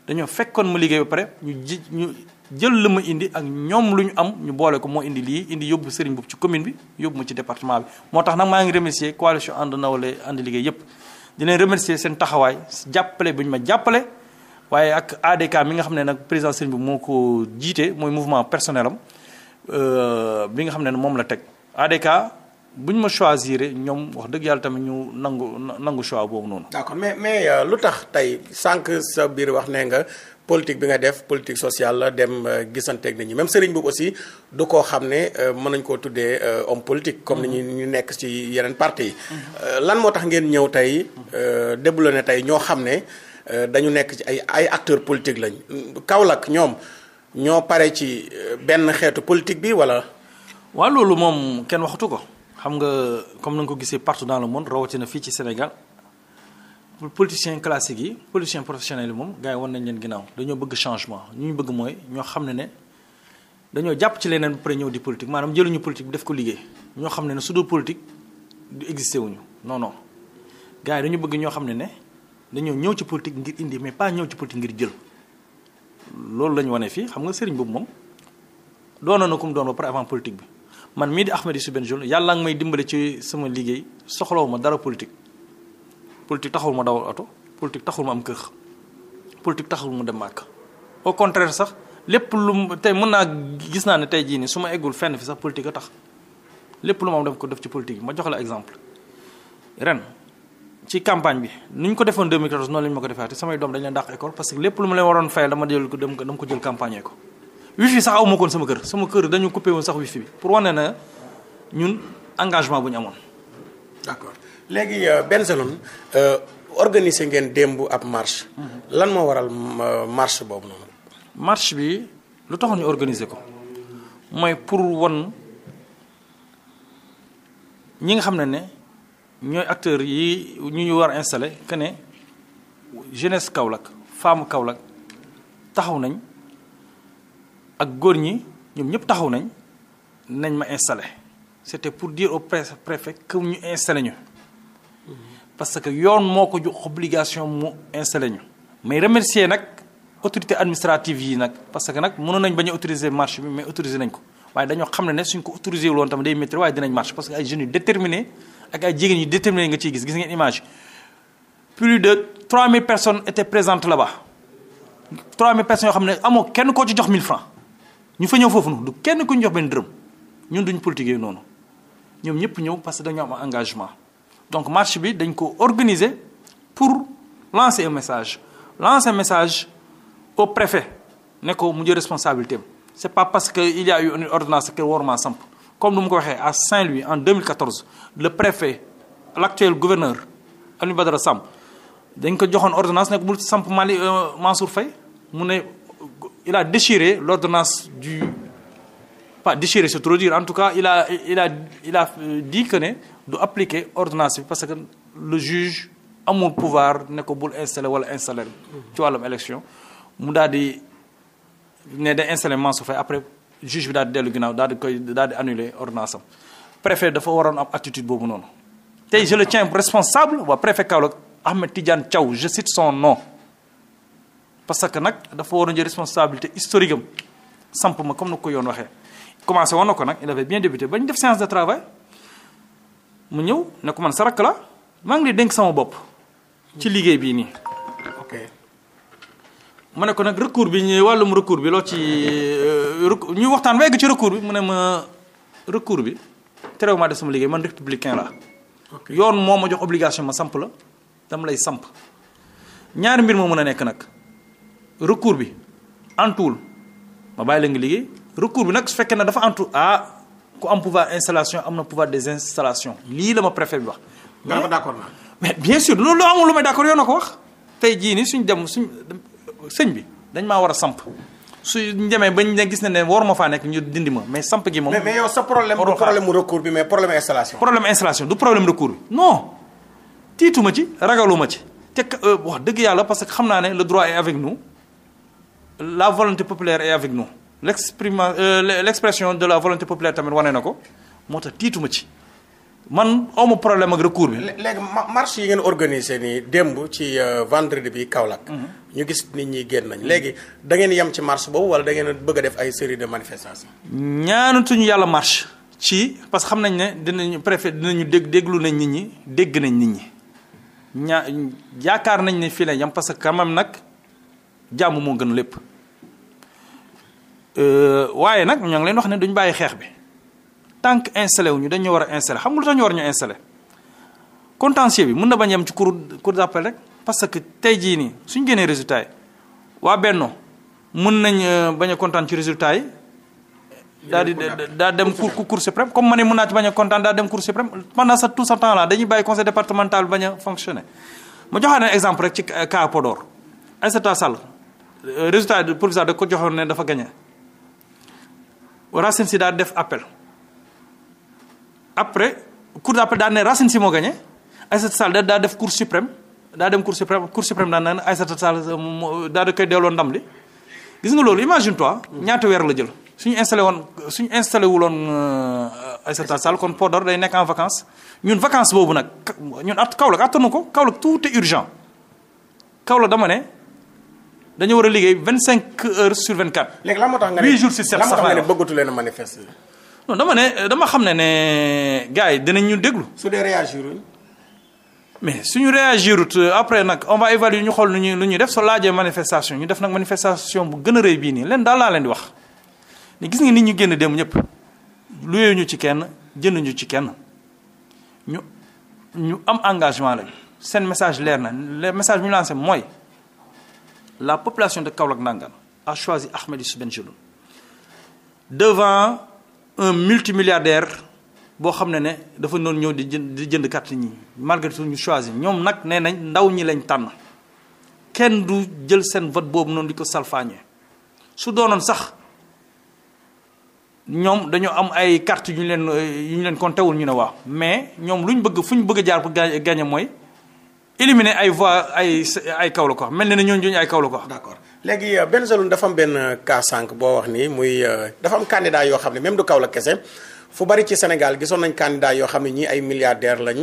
dañoo fekkoon ma liggéey ba pare ñu ji ñu jël la ma indi ak ñoom lu ñu am ñu boole ko moo indi lii indi yóbbu sëriñ boobu ci commune bi yóbbu ma ci département bi moo tax nag maa ngi remercier coalition ànd nawle ànd yëpp di leen seen taxawaay jàppale bu ñu ma jàppale waaye ak ADK mi nga xam ne nag président Serigne bi moo ko jiite mooy mouvement personnel am euh, bi nga xam ne moom la teg ADK bu ñu ma choisir ñoom wax dëgg yàlla tamit ñu nangu nangu choix boobu noonu. d'accord mais mais euh, lu tax tey sànq sa biir wax ne nga politique bi nga def politique sociale la dem euh, gisanteeg nit ñi même Serigne boobu aussi du koo xam ne mën nañ koo tuddee homme politique. comme ni ñu nekk ci yeneen parti mhm. lan moo tax ngeen ñëw tey. Mhm. débloqué tey ñoo xam ne. Euh, dañu nekk ci ay ay acteurs politiques lañ Kaolack ñoom ñoo pare ci euh, benn xeetu politique bi wala. waaw loolu moom kenn waxatu ko xam nga comme na nga ko gisee partout dans le monde rawatina fii ci Sénégal politiciens classiques yi politiciens professionnels yi moom gars yi wan nañ leen ginnaaw dañoo bëgg changement ñu ñu bëgg mooy ñoo xam ne ne dañoo jàpp ci leneen ba pare ñëw di politique maanaam jëluñu politique bi def ko liggéey ñoo xam ne ne su dul politique du existé wuñu non non gars yi bëgg ñoo xam ne ne dañoo ñëw ci politique ngir indi mais pas ñëw ci politique ngir jël loolu la ñu wane fii xam nga sëriñ boobu moom doonoon na ku mu doon ba pare avant politique bi man mii di Ahmed Youssouf Bengelloune yàlla nga may dimbale ci sama liggéey soxlawu ma dara politique politique taxul ma dawal oto politique taxul ma am kër politique taxul dem màkk au sax lépp lu mu tey mën naa gis naa ne tey jii nii su ma eggul fenn fi sax politique a tax lépp lu ma am def def ci politique ma jox la exemple ren. ci campagne bi ni ñu ko defoon 2014 noonu la ma ko defee te samay doom dañ leen dàq école parce que lépp lu ma leen waroon fayal dama jël ko dem dama ko jël campagne ko. wifi sax aw koon sama kër sama kër dañu coupé woon sax wifi bi pour wane na ñun engagement bu ñu amoon. léegi euh, benn Bengelone euh, organiser ngeen démb ab marche. Mhm. lan moo waral euh, marche boobu noonu. marche bi lu taxoon ñu organiser ko mooy pour wan ñi nga xam ne ne. ñooy acteurs yi ñu ñu war a installé que ne jeunesse Kaolack femme Kaolack taxaw nañ ak góor ñi ñoom ñëpp taxaw nañ nañ ma installé c'était pour dire au préfet que ñu installé ñu parce que yoon moo ko jox obligation mu installé ñu mais remercier nag autorité administrative yi nag parce que nag mënoon nañ bañ a autoriser marche bi mais autorisé nañ ko waaye dañoo xam ne ne suñ ko autorisé wuloon tamit day métti waaye dinañ marche parce que ay jeunes yu ak ay jigéen yu déterminé nga ciy gis gis ngeen image plus de 3000 personnes étaient présentes là-bas 3000 personnes yoo xam ne amoo kenn koo ci jox 1000 francs ñu fa ñëw foofu noonu du kenn ku ñu jox benn dërëm ñun duñ politique noonu ñoom ñëpp ñëw parce que dañoo am engagement. donc marché bi dañ ko organiser pour lancer un message lancer un message au préfet ne mu jël responsabilité am c'est pas parce que il y a eu une ordonnance que waruma comme nu mu ko waxee à Saint-Louis en 2014 le préfet l'actuel gouverneur Alioune Badara Samb dañ ko joxoon ordonnance ne bul samp Mali euh, Mansour fay mu ne il a déchiré l'ordonnance du pas déchiré c'est trop dire en tout cas il a il a il euh, ne du appliquer ordonnance bi parce que le juge amul pouvoir ne ko bul installé wala installé ci wàllum élection mu daal di ne day installé Mansour Faye après juge bi daal dellu ginnaaw daal di koy daal di annuler ordonnance am préfet dafa waroon am attitude boobu noonu tey je le tiens responsable waa préfet Kaolack Ahmed Tidiane Thiaw je cite son nom parce que nag dafa waroon jël responsabilité historique am samp ma comme na ko yoon waxee commencé woon na ko nag il avait bien débuté ba ñu def séance de travail mu ñëw ne ko man sa rakk la maa ngi lay dénk sama bopp ci liggéey bii nii ma ne ko nag recours bi ñu wàllum recours bi loo ci euh, ñu waxtaan ba egg ci recours bi mu ne ma recours bi terew ma def sama liggéey man républicain la yoon moo ma jox obligation ma samp la dama lay samp ñaari mbir moo mën a nekk nag recours bi antuwul ma bàyyi la nga liggéey recours bi nag su fekkee ne dafa antu ah ku am pouvoir installation am na pouvoir des installations lii la ma préfet bi wax. nga d'accord naa mais bien sûr loolu amul lu may d'accord yow jii nii suñ dem suñ sëñ bi dañ maa war a samp su ñu demee bañ ne gis na ne ma faa nekk ñu dindi ma mais samp gi moom. mais mais yow sa problème du problème mu recours bi mais problème installation. problème installation du problème recours bi non tiituma ci ragaluma ci te euh, wax dëgg yàlla parce que xam naa ne le droit est avec nous la volonté populaire est avec nous l' exprime euh, l' expression de la volonté populaire tamit wane na ko moo tax tiituma ci. man awma problème ak recours bi. léegi marche yi ngeen organisé nii démb ci euh, vendredi bi Kaolack. Mhm. ñu gis nit ñi génn nañ léegi da ngeen yem ci marche boobu wala da ngeen bëgg a def ay série de manifestations. ñaanatuñu yàlla marche ci parce que xam nañ ne dinañu préfet dinañu dégg déglu nañ nit ñi dégg nañ nit ñi ñaa yaakaar nañ ne fii la yem parce que quand nag jàmm moo gën lépp euh, waaye nag ñoo ngi leen wax ne duñu bàyyi xeex bi. tant que installé wuñu dañ ñoo war a installé xam nga lu tax war ñu installé contentieux bi mun na bañ am ci cour cour d'appel rek parce que tey jii nii suñ génnee résultat yi waa Benno mun nañ euh, bañ a kontaan ci résultat yi. daa di daa dem cour cour suprême comme ma ne mën naa ci bañ a kontaan daa dem cour suprême pendant ça tout ce temps là dañuy bàyyi conseil départemental bañ a fonctionner. ma joxaat un exemple rek ci cas Podor Aïssata Sall euh, résultat provisoire ko joxoon ne dafa gagné Racine Sy def appel. après cour d'appel daan ne Racine Sy moo gagné Aïssata Tall da daa def cour suprême daa dem cour suprême cour suprême daan ne Aïssata Tall euh, daa da koy delloo ndam li gis nga loolu imagine toi ñaata weer la jël suñu installé woon suñu installé wuloon euh, Aïssata Tall kon Podor day nekk en vacances ñun vacances boobu nag ñun at Kaolack attanu ko Kaolack tout est urgent Kaolack dama ne dañu war a liggéey vingt cinq heures sur vingt quatre. léegi lan moo tax nga ne huit jours sur sept sax la lan moo tax nga ne bëggatu leen a manifester. non dama ne dama xam ne ne gars yi dinañ ñu déglu. su dee réagir mais suñu réagirut après nag on va évaluer ñu xool lu ñuy lu ñuy def soo laajee manifestation ñu def nag manifestation bu gën a rëy bii nii leen daal laa leen di wax ne gis nga nit ñu génn dem ñëpp luyee ñu ci kenn jënd ñu ci kenn ñu ñu am engagement lañu seen message leer na le message bu ñu lancé mooy la population de Kaolack Ndangaan a choisi Ahmed Youssouf Bengelloune devant un multimilliardaire boo xam ne ne dafa noonu ñëw di jënd di jënd carte ñi malgré tout ñu choisir ñoom nag nee nañ ndaw ñi lañ tànn kenn du jël seen vote boobu noonu di ko salfaañee su doonoon sax ñoom dañoo am ay carte yu ñu leen yu ñu leen compté wul ñu ne waa mais ñoom lu ñu bëgg fu ñu bëgg a jaar pour gagner mooy éliminer ay voix ay ay kaw la ko mel na ne ñooñu ay kaw la ko d'accord léegi euh, Bengelloune dafa am benn euh, cas boo wax nii muy euh, dafa am candidat yoo xam ne même du kaw kese fu bari ci Sénégal gisoon nañ candidat yoo xam ne ñii ay milliardaires lañ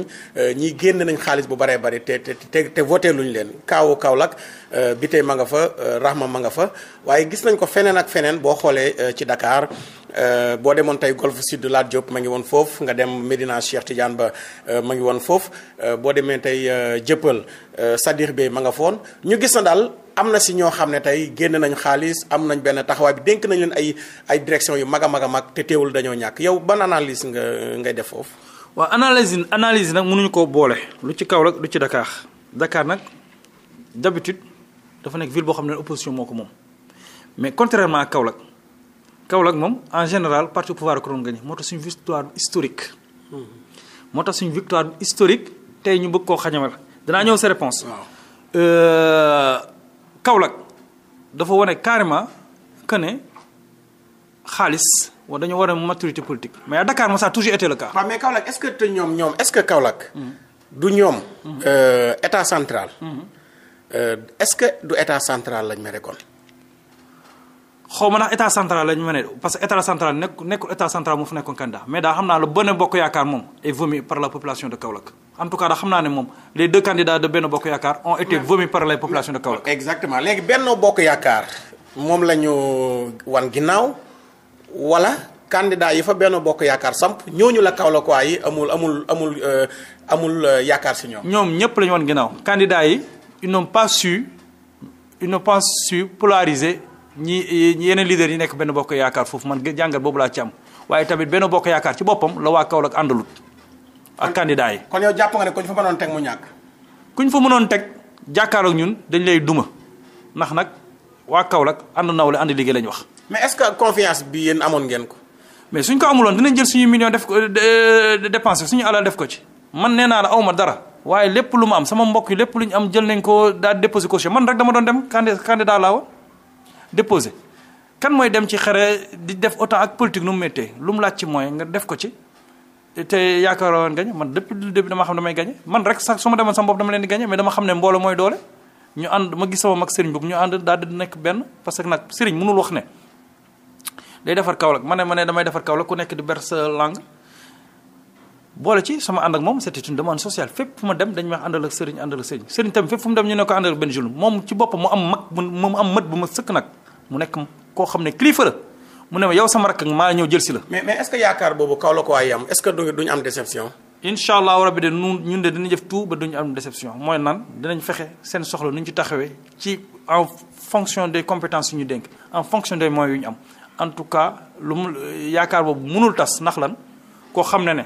ñii génn nañ xaalis bu baree bari te te te te voté luñ leen kaawu Kaolack bi tey ma nga fa Rahma ma nga fa waaye gis nañ ko feneen ak feneen boo xoolee ci Dakar Euh, boo demoon tey golfe sud Lat Diop ma ngi woon foofu nga dem Medina Cheikh Tidiane ba euh, ma ngi woon foofu euh, boo demee tey jëppal Sadir Bey ma nga foon ñu gis na daal am na si ñoo xam ne tey génn nañ xaalis am nañ benn taxawaay bi dénk nañ leen ay ay direction yu mag a mag a mag te teewul dañoo ñàkk yow ban analyse nga ngay def foofu. waa analyse analyse nag mënuñu koo boole lu ci kaw rek lu ci Dakar Dakar nag d'habitude dafa nekk ville boo xam ne opposition moo ko moom mais contrairement ak Kaolack moom en général parti pouvoir ak doon gagné moo tax suñu victoire historique. Hmm. moo tax suñu victoire historique tey ñu bëgg koo xañamal danaa ñëw sa réponse euh, Kaolack dafa wane carrément que ne xaalis wa war a maturité politique mais à Dakar moom ça a toujours été le cas. waaw mais Kaolack est-ce que te ñoom ñoom est-ce que Kaolack. Hmm. du ñoom. Hmm. Euh, état central. Euh, est-ce que du état central lañ ma kon. xaw ma ndax état central lañ ma ne parce que état nekk nekkul état central moo fa nekkoon candidat mais daa xam naa la Benno Bokk Yaakaar moom est vomi par la population de Kaolack en tout cas daa xam naa ne moom les deux candidats de Benno Bokk Yaakaar ont été vomis par moom la ñu wan ginnaaw wala candidat yi fa benn Bokk Yaakaar samp ñooñu la Kaolack waa yi amul amul amul euh, amul euh, yaakaar si ñoom. ñoom ñëpp la ñu wan ginnaaw candidats yi ils n'ont pas su ils n'ont pas su polariser. ñi yeneen leader yi nekk benn bokk yaakaar foofu man jàngat boobu laa ci am waaye tamit benn bokk yaakaar ci boppam la waa kaw Kaolack àndalut ak candidat yi. kon yow jàpp nga ne ku ñu fa mënoon teg mu ñàkk. ku ñu fa mënoon teg jàkkaarloog ñun dañ lay duma ndax nag waa Kaolack ànd nawle ànd liggéey lañ wax. mais est-ce bi yéen amoon ngeen ko. mais suñ ko amuloon dinañ jël suñu million def ko euh, euh, dépensé suñu alal def ko ci. man nee naa la awma dara waaye lépp lu ma am sama mbokk yi lépp lu ñu am jël nañ ko daal déposé caution man rek dama doon dem candidat laa woon déposé kan mooy dem ci xare di def autant ak politique nu mu méttee lu mu laaj ci moyen nga def ko ci te yaakaar yaakaaroon gañe man depuis le début dama xam damay gañe man rek sax su ma demoon sama bopp dama leen di gañe mais dama xam ne mbooloo mooy doole ñu ànd ma gis sama mag sëriñ boobu ñu ànd daal di nekk benn parce que nag sëriñ mënul wax ne day defar Kaolack ma ne ma ne damay defar Kaolack ku nekk di ber sa langue boole ci sama ànd ak moom c'était une demande sociale fépp fu ma dem dañu wax àndal ak sëriñ àndal ak sëriñ sëriñ tamit fépp fu mu dem ñu ne ko àndal ak benn jeune moom ci boppam mu am mag mu am mët bu ma sëkk nag mu nekk koo xam ne kilifa la mu ne ma yow sama rakk maa ñëw jël si la. mais mais est-ce que yaakaar boobu kaw la ko waay am est-ce que duñu am déception. incha allahu rabi de ñun ñun de dinañ def tout ba duñu am déception mooy nan dinañ fexe seen soxla nu ñu taxawee ci en fonction des compétences yu ñu dénk en fonction des moyens ñu am en tout cas lu mu yaakaar boobu mënul tas ndax lan koo xam ne ne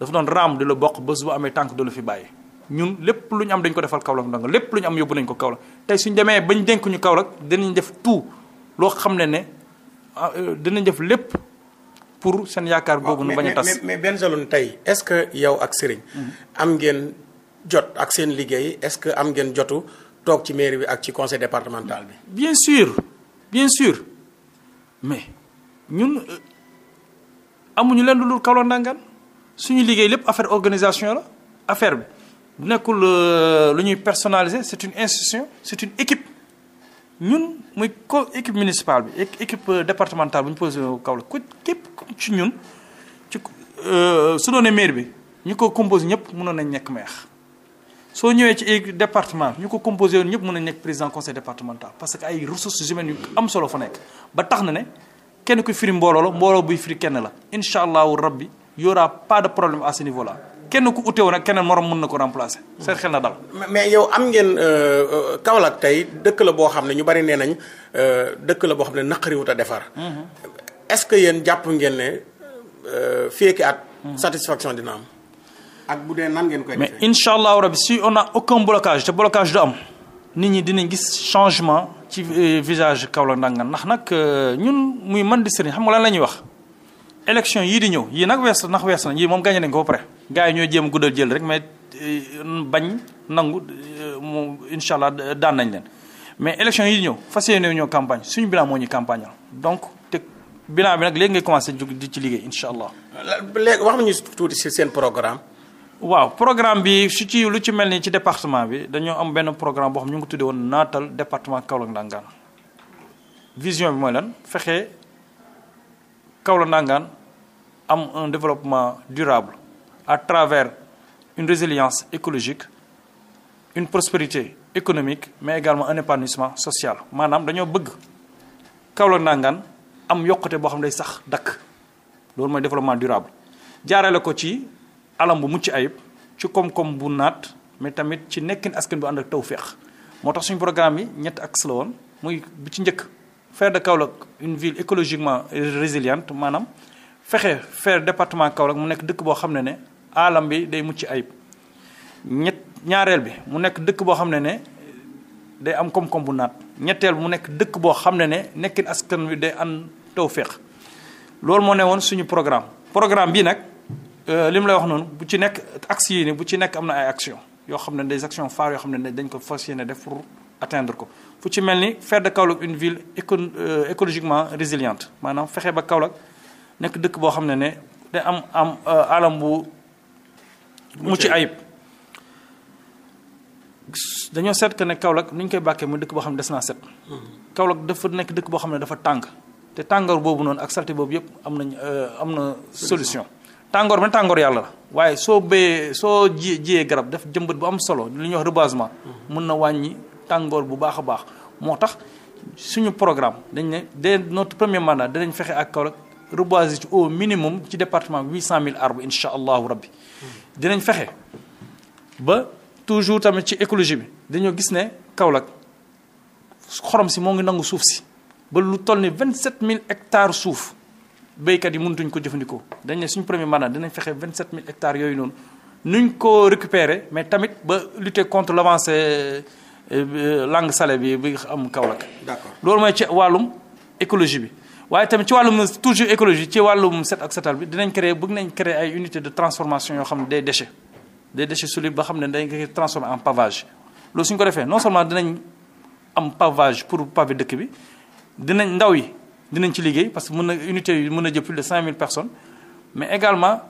dafa doon raam di la bokk bés bu amee tànk du la fi bàyyi ñun lépp lu ñu am dañ ko defal Kaolack ndongo lépp lu ñu am yóbbu nañ ko Kaolack tey suñ demee bañ dénk ñu Kaolack dinañ def tout loo xam ne ne ah, euh, dinañ def lépp pour seen yaakaar googu nu bañ a tas mais benn jaloon tey est-ce que yow ak Serigne mhm. am ngeen jot ak seen liggéey est-ce que am ngeen jotu toog ci mairie bi ak ci conseil départemental bi bien sûr bien sûr mais ñun euh, amuñu leen lu dul Kaolack ndangaan suñu liggéey lépp affaire organisation la affaire bi nekkul euh, lu ñuy personnaliser c'est une institution c'est une équipe ñun muy ko équipe municipale bi équipe euh, départementale bu ñu posé Kaolack ku képp ci ñun ci euh, su doonee maire bi ñu ko composé ñëpp mënoon nañ nekk maire soo ñëwee ci département ñu ko composé woon ñëpp mën nañ nekk président conseil départemental parce que ay ressources humaines yu am solo fa nekk ba tax na ne kenn ku firi mbooloo la mbooloo buy kenn la incha allahu rabbi y aura pas de problème à ce niveau là kenn ku uteewu nag keneen morom mën na ko remplacer. seen xel na dal. mais yow am ngeen euh, euh, Kaolack tey dëkk la boo xam ne ñu bari nee nañ euh, dëkk la boo xam ne naqariwut a defar. Mm-hmm. est-ce que yéen jàpp ngeen ne fii at. Mm-hmm. satisfaction dina am. ak bu dee nan ngeen koy defee. mais incha allahu rabi si on a aucun blocage te blocage du am nit ñi dinañ gis changement ci visage Kaolack ndàngaan ndax nag ñun muy man di sëriñ xam nga lan la ñuy wax. élection yii di ñëw yii nag wees ndax wees na ñii moom gagné nañ ko ba pare gars yi ñooy jéem guddal jël rek mais euh, bañ nangu euh, moom incha allah daan nañ leen mais élection yi di ñëw fas yéene ñoo campagne suñu bilan moo ñu campagne donc te bilan bi nag léegi ngay commencé di ci liggéey incha allah. léegi wax nañu tuuti si seen programme. waaw programme bi su ci lu ci mel ni ci département bi dañoo am benn programme boo xam ñu ngi ko tuddee woon naatal département Kaolack Ndangaan vision Kaolack Ndangaan am un développement durable à travers une résilience écologique une prospérité économique mais également un épanouissement social maanaam dañoo bëgg Kaolack Ndangaan am yokkute boo xam ne day sax dakk loolu mooy développement durable jaarale ko ci alam bu mucc ayib ci koom-koom bu naat mais tamit ci nekkin askan bu ànd ak tawféex moo tax suñu programme yi ñett ak la woon muy bu ci njëkk faire de Kaolack une ville écologiquement résiliente maanaam fexe faire département Kaolack mu nekk dëkk boo xam ne ne alam bi day mucc ayib ñett ñaareel bi mu nekk dëkk boo xam ne ne day am koom-koom bu naat ñetteel mu nekk dëkk boo xam ne ne nekkin askan wi day am tawféex loolu moo ne woon suñu programme programme bi nag euh, li mu lay wax noonu bu ci nekk axe yii ni bu ci nekk am na ay action yoo xam ne des actions phares yoo xam ne dañ ko fas yéene def pour atteindre ko fu ci mel ni faire de Kaolack une ville éco euh, écologiquement résiliente maanaam fexe ba Kaolack nekk dëkk boo xam ne ne day am am euh, alam bu mu ci ayib dañoo seet que ne Kaolack ni ñu koy bàkkee mu dëkk boo xam ne des naa set hmm. Kaolack dafa nekk dëkk boo xam ne dafa tàng te tàngoor boobu noonu ak salté boobu yëpp am nañ euh, am na solution tàngoor ba tàngoor yàlla la waaye soo béyee soo ji jiyee garab def jëmbat bu am solo li ñuy wax reboisement hmm. na wàññi tàngoor bu baax a baax moo tax suñu programme dañ ne dès notre premier mandat danañ fexe ak Kaolack reboiser ci au minimum ci département bi 800000 arbres incha allahu rabbi dinañ fexe ba toujours tamit ci écologie bi dañoo gis ne Kaolack xorom si moo ngi nangu suuf si ba lu toll ni 27000 hectares suuf béykat yi mënutuñ ko jëfandikoo dañ ne suñu premier mandat dinañ fexe 27000 hectares yooyu noonu nuñ ko récupérer mais tamit ba lutter Euh, langue salée bi bi am Kaolack. d'accord loolu mooy ci wàllum écologie bi waaye tamit ci wàllum toujours écologie ci wàllum set ak setal bi dinañ créer bëgg nañ créer ay unité de transformation yoo xam ne day déchets des déchets solides ba xam ne dañ koy transformer en pavage loolu suñ ko defee non seulement dinañ am pavage pour pavé dëkk bi dinañ ndaw yi dinañ ci liggéey parce que mën na unité yi mën na jël plus de 5000 personnes mais également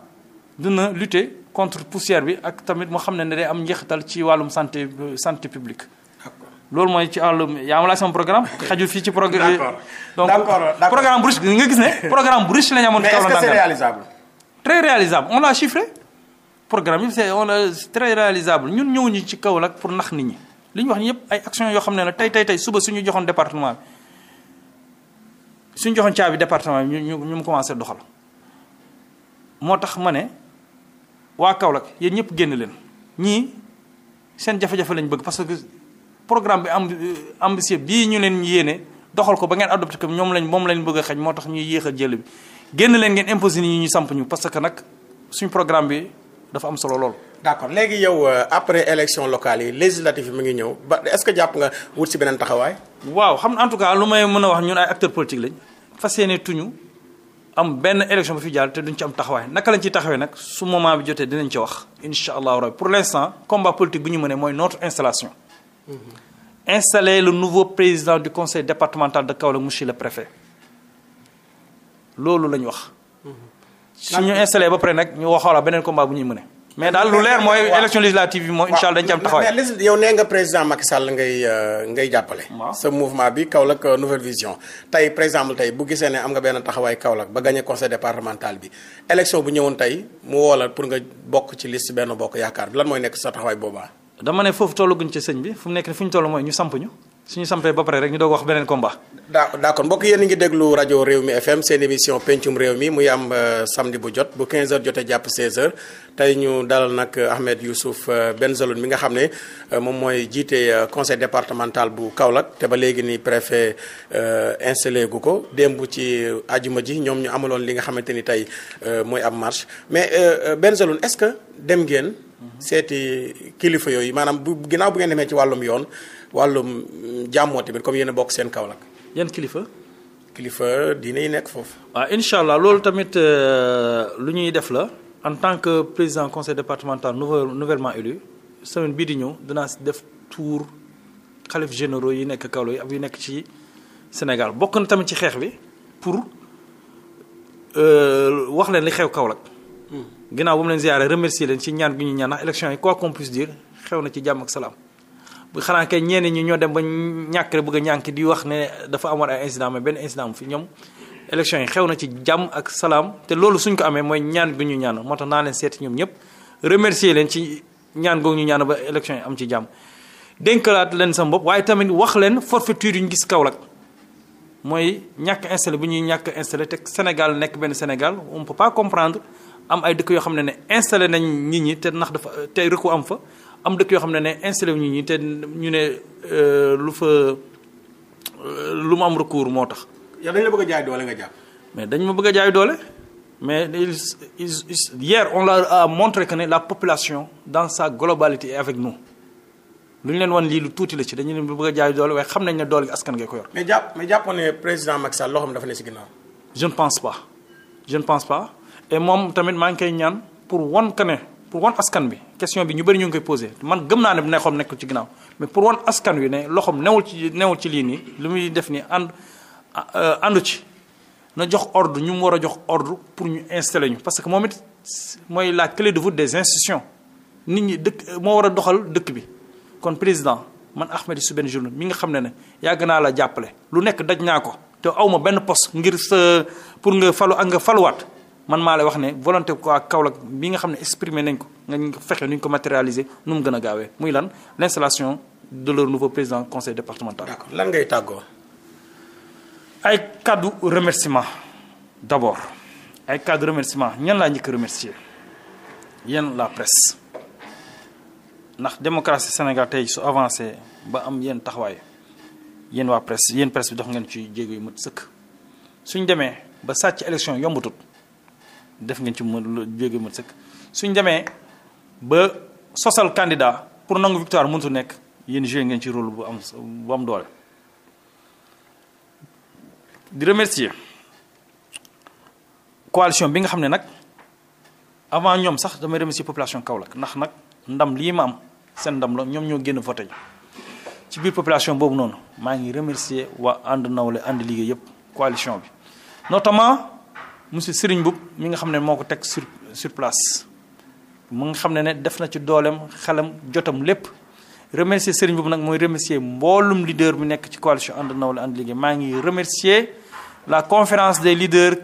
dina lutter contre poussière bi ak tamit moo xam ne ne am njeexital ci wàllum santé santé publique loolu mooy ci àll yaa ma laaj sama programme xaju fii ci euh, programme donc programme bu riche nga gis ne programme bu riche amoon mais est réalisable on l'a chiffré programme yi c'est on l'a très réalisable ñun ñëw ñu ci Kaolack pour nax nit ñi li ñu wax ni yëpp ay action yoo xam ne la tey tey tey suba suñu joxoon département bi suñu joxoon caabi département bi ñu ñu mu commencé doxal moo tax ma ne waa Kaolack yéen ñëpp génn leen ñii seen jafe-jafe lañ bëgg parce que programme bi am euh, ambitieux bii ñu leen yéene doxal ko ba ngeen adopté ko ñoom lañ moom lañ bëgg a moo tax ñuy yéex a jël bi génn leen ngeen imposé ni ñu samp ñu parce que nag suñu programme bi dafa am solo lool. d'accord léegi yow euh, après élection locale yi législative mi ngi ñëw ba est-ce que jàpp nga beneen taxawaay. waaw xam en tout cas lu may mën a wax ñun ay acteurs politiques lañ fas yéene tuñu am benn élection bu fi jàll te duñ ci am taxawaay naka lañ ci taxawee nag su moment bi jotee dinañ ci wax. incha allahu rabi pour l'instant combat politique bu ñu mënee mooy notre installation. installer lu nouveau président du conseil départemental de Kaolack monsieur le préfet loolu la ñu wax. Mhm. suñu installé ba pare nag ñu waxoon beneen combat bu ñuy mëne mais daal lu leer mooy élection législative bi moo incha allah dañu am taxawaay. mais yow nee nga président Macky Sall ngay euh, ngay jàppale. sa mouvement bi Kaolack euh, nouvelle vision tey par exemple tey bu gisee ne am nga benn taxawaay Kaolack ba gagné conseil départemental bi élection bu ñëwoon tey mu woo pour nga bokk ci liste benn bokk yaakaar bi lan mooy nekk sa taxawaay boobaa. dama ne foofu tolluguñ ci sëñ bi fu mu nekk ni fu ñu toll mooy ñu samp ñu suñu sampee ba pare rek ñu doog wax beneen combat. daa d'accord mbokk yéen a ngi déglu rajo réew mi FM seen émission pencum réew mi muy am euh, samedi bu jot bu quinze h jotee jàpp 16 tey ñu dalal nag euh, Ahmed benn euh, Bengelloune mi nga xam ne moom mooy jiite conseil départemental bu Kaolack te ba léegi ni préfet installé gu ko démb ci ajuma ji ñoom ñu amaloon li nga xamante ni tey mooy ab marche mais Bengelloune est-ce que dem ngeen. seeti kilifa yooyu maanaam bu ginnaaw bu ngeen demee ci wàllum yoon wàllum mm, jàmmoo tamit comme yéen a bokk seen Kaolack. yan kilifa. kilifa diine yi nekk foofu. waaw ah, incha allah loolu tamit euh, lu ñuy def la en tant que président conseil départemental nouvellement élu semaine bii di ñëw danaa def tour xalif généraux yi nekk Kaolack ak yu nekk ci Sénégal bokk na tamit ci xeex bi pour euh, wax leen li xew Kaolack. ginnaaw bu mu leen ziyaare remercier leen ci ñaan gi ñu ñaan ndax élection yi quoi qu'on puisse dire xew na ci jàmm ak salaam bu xanaa kay ñenn ñi ñoo dem ba ñàkk rek bëgg ñànk di wax ne dafa amoon ay incident benn incident mu fi ñoom élection yi xew na ci jàmm ak salaam te loolu suñ ko amee mooy ñaan gi ñu ñaan moo tax naa ñoom ñëpp remercier leen ci ñaan googu ñu ñaan ba élection yi am ci jàmm dénkalaat leen sama bopp waaye tamit wax leen forfaiture yu ñu gis Kaolack mooy ñàkk installé bu ñuy ñàkk installé te Sénégal nekk benn Sénégal on peut pas comprendre am ay dëkk yoo xam ne ne installé nañ nit ñi te nax dafa te recours am fa am dëkk yoo xam ne ne installé wu nit ñi te ñu ne euh, lu fa euh, lu mu am recours moo tax. yow dañ la bëgg a jaay doole nga jàpp. mais dañ ma bëgg a jaay doole mais ils ils hier on leur a montré que ne la population dans sa globalité est avec nous. lu ñu leen wan lii lu tuuti la ci dañu leen bëgg a jaay doole waaye xam nañ ne doole gi askan ngay ko yor. mais jàpp mais jàppoon ne président Macky Sall loo xam dafa ne si ginnaaw. je pense pas je ne pense pas. et moom tamit maa ngi koy ñaan pour wan kane ne pour wan askan bi question bi ñu bëri ñu ngi koy posé man gëm naa ne ne xam nekkul ci ginnaaw mais pour wan askan wi ne loxoom newul ci newul ci lii nii lu muy def nii ànd euh, àndu ci na jox ordre ñu mu war a jox ordre pour ñu installé ñu parce que moom it mooy la clé de voûte des institutions nit ñi dëkk moo war a doxal dëkk bi kon président man Ahmed benn Bengelloune mi nga xam ne ne yàgg naa la jàppale lu nekk daj naa ko te awma benn poste ngir sa pour nga falu ak nga faluwaat man maa lay wax ne volonté ko ak Kaolack bi nga xam ne exprimé nañ ko nga fexe nu ñu ko matérialiser nu mu gën a gaawee muy lan l'installation de leur nouveau président conseil départemental. d'accord lan ngay tàggoo. ay kàddu remerciement d'abord ay kàddu remerciement ñan laa njëkk remercier yéen la presse ndax démocratie Sénégal tey su avancé ba am yéen taxawaay yéen waa presse yéen presse bi dox ngeen ci jéego yu sëkk suñ demee ba sàcc élection yombatul. def ngeen ci mu lu jóge mat sëkk suñ demee ba sosal candidat pour nangu victoire mëntu nekk yéen joué ngeen ci rôle bu am bu am doole. di remercier coalition bi nga xam ne nag avant ñoom sax damay remercier population Kaolack ndax nag ndam lii ma am seen ndam la ñoom ñoo génn voté ci biir population boobu noonu maa ngi remercier waa ànd nawle ànd liggéey yëpp coalition bi monsieur Serigne Boub mi nga xam ne moo ko teg sur sur place mu nga xam ne ne def na ci dooleem xelam jotam lépp remercier Serigne Boub nag mooy remercier mboolum leader bu nekk ci coalition ànd nawle ànd liggéey maa ngi remercier la conférence des leaders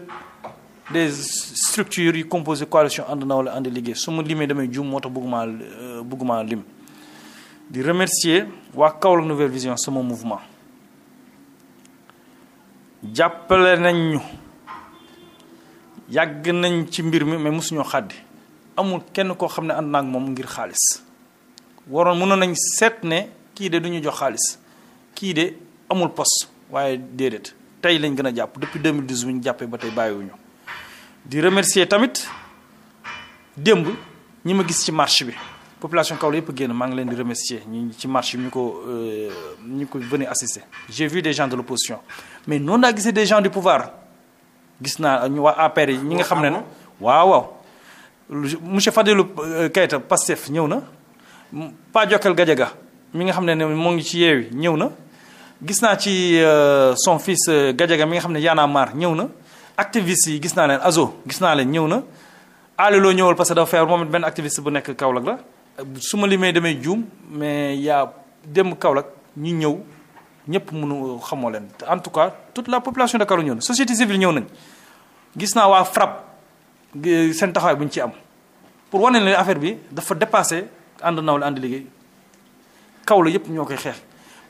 des structures yu composé coalition ànd nawle ànd liggéey su ma limee damay juum moo tax bëgguma euh, bëgguma remercier waa Kaolack Nouvelle Vision sama mouvement jàppale nañ yàgg nañ ci mbir mi mais mosuñoo xàddi amul kenn koo xam ne ànd naag moom ngir xaalis waroon mënoon nañ seet ne kii de du ñu jox xaalis kii de amul post waaye déedéet tey lañ gën a jàpp depuis 2012 bu ñu jàppee ba tey bàyyiwuñu di remercier tamit démb ñi ma gis ci marché bi population Kaolack yëpp génn maa ngi leen di remercier ñi ci marché bi ñu ko euh, ñu ko venir assister j'ai vu des gens de l'opposition mais noonu laa gisee des gens du pouvoir gis naa ñu waa APR yi ñi nga xam ne ah ne waaw waaw monsieur Fadilou euh, Keita Pastef ñëw na Pa Jokel Gadiaga mi nga xam ne ne moo ngi ci yeewi ñëw na gis naa ci euh, son fils euh, Gadiaga mi nga xam ne Y'en a ñëw na activiste yi gis naa leen azo gis naa leen ñëw na Ali loo ñëwal parce que dafa feebar moom it benn activiste bu nekk Kaolack la su ma limee damay juum mais yaa dem Kaolack ñi ñëw ñëpp mënu xamoo leen en tout cas toute la population de Kaolack ñëw na société civile ñëw nañ gis naa waa FRAPP seen taxawaay bu ñu ci am pour wane ne affaire bi dafa dépassé ànd nawle ànd liggéey kaw la yëpp ñoo koy xeex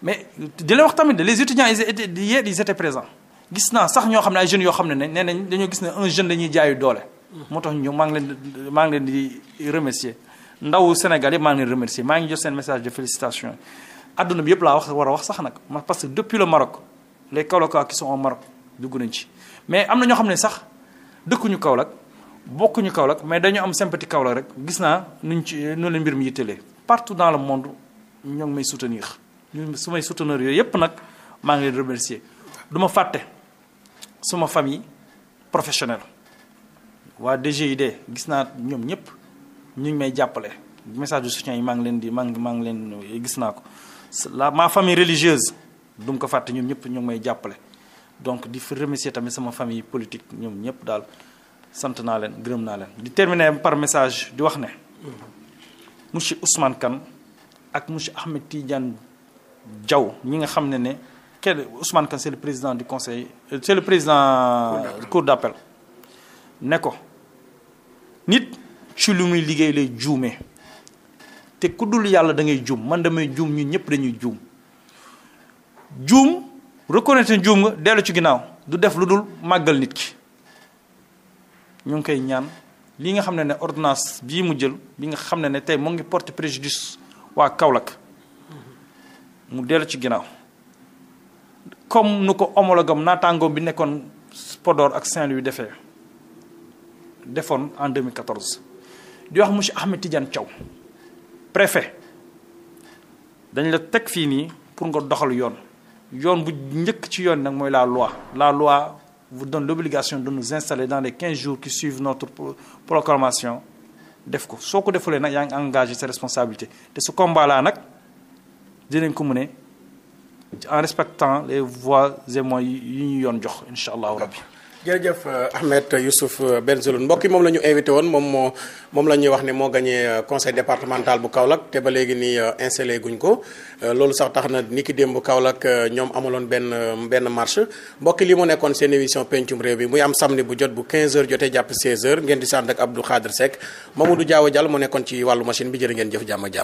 mais di la wax tamit les étudiants ils étaient hier ils étaient gis naa sax ñoo xam ne ay jeunes yoo xam ne ne nee nañ dañoo gis ne un jeune dañuy jaayu doole. moo tax ñu maa ngi leen maa ngi leen di remercier ndaw Sénégal yëpp maa ngi leen remercier maa ngi jot seen message de félicitation adduna bi yëpp laa wax war a wax sax nag parce que depuis le Maroc les Kaolackois qui sont au dugg nañ ci sax. dëkkuñu Kaolack bokkuñu Kaolack mais dañu am sympathie Kaolack rek gis naa nu ñu ci nu la mbir mi yittelee partout dans le monde ñoo ngi may soutenir ñu su may soutenir yooyu yëpp nag maa ngi leen remercier duma ma fàtte suma famille professionnelle waa DGID gis naa ñoom ñëpp ñu ngi may jàppale message de soutien yi maa ngi leen di maa ngi maa ngi leen gis naa ko la ma famille religieuse du ko fàtte ñoom ñëpp ñu may jàppale donc di fa tamit sama famille politique ñoom ñëpp daal sant naa leen gërëm naa leen. di terminer par message di wax ne monsieur Ousmane Kane ak monsieur Ahmed Tidiane Diaw ñi nga xam ne ne kenn Ousmane Kane c'est le président du conseil euh, c'est le président. cour d'appel ne ko nit ci lu muy liggéey lay juume te ku dul yàlla da ngay juum man damay juum ñu ñëpp dañuy juum juum. reconnaître njuum dellu ci ginnaaw du def lu dul màggal nit ki ñu ngi koy ñaan li nga xam ne ne ordonnance bii mu jël bi nga xam ne ne tey mu ngi porte préjudice waa Kaolack mu dellu ci ginnaaw comme nu ko homologam naataangoom bi nekkoon Podor ak saint wi defee defoon en 2014 di wax monsieur Ahmed Tidiane Thiaw préfet dañ la teg fii nii pour nga doxal yoon yoon bu njëkk ci yoon nag mooy la loi la loi vous donne l'obligation de nous installer dans les quinze jours qui suivent notre proclamation def ko soo ko defulee nag yaa ngi engagé sa responsabilité te su combat nag dinañ ko mu mëne en respectant les voies et moyens yi ñu yoon jox incha allahu rabbi jërëjëf euh, Ahmed Youssouf euh, Bengelloune mbokk yi moom la ñu invité woon moom moo moom la ñuy wax ne moo gagné euh, conseil départemental bu Kaolack te ba léegi nii installé guñ ko loolu sax tax na ni ki démb bu Kaolack ñoom amaloon benn benn marche mbokk li mu nekkoon seen émission pencum réew bi muy am samedi bu jot bu 15h jotee jàpp 16h ngeen di sant ak Abdou Khadre Seck Mamadou Diaw Diallo mu nekkoon ci wàllu machine bi jërë ngeen jëf jàmm jàmm.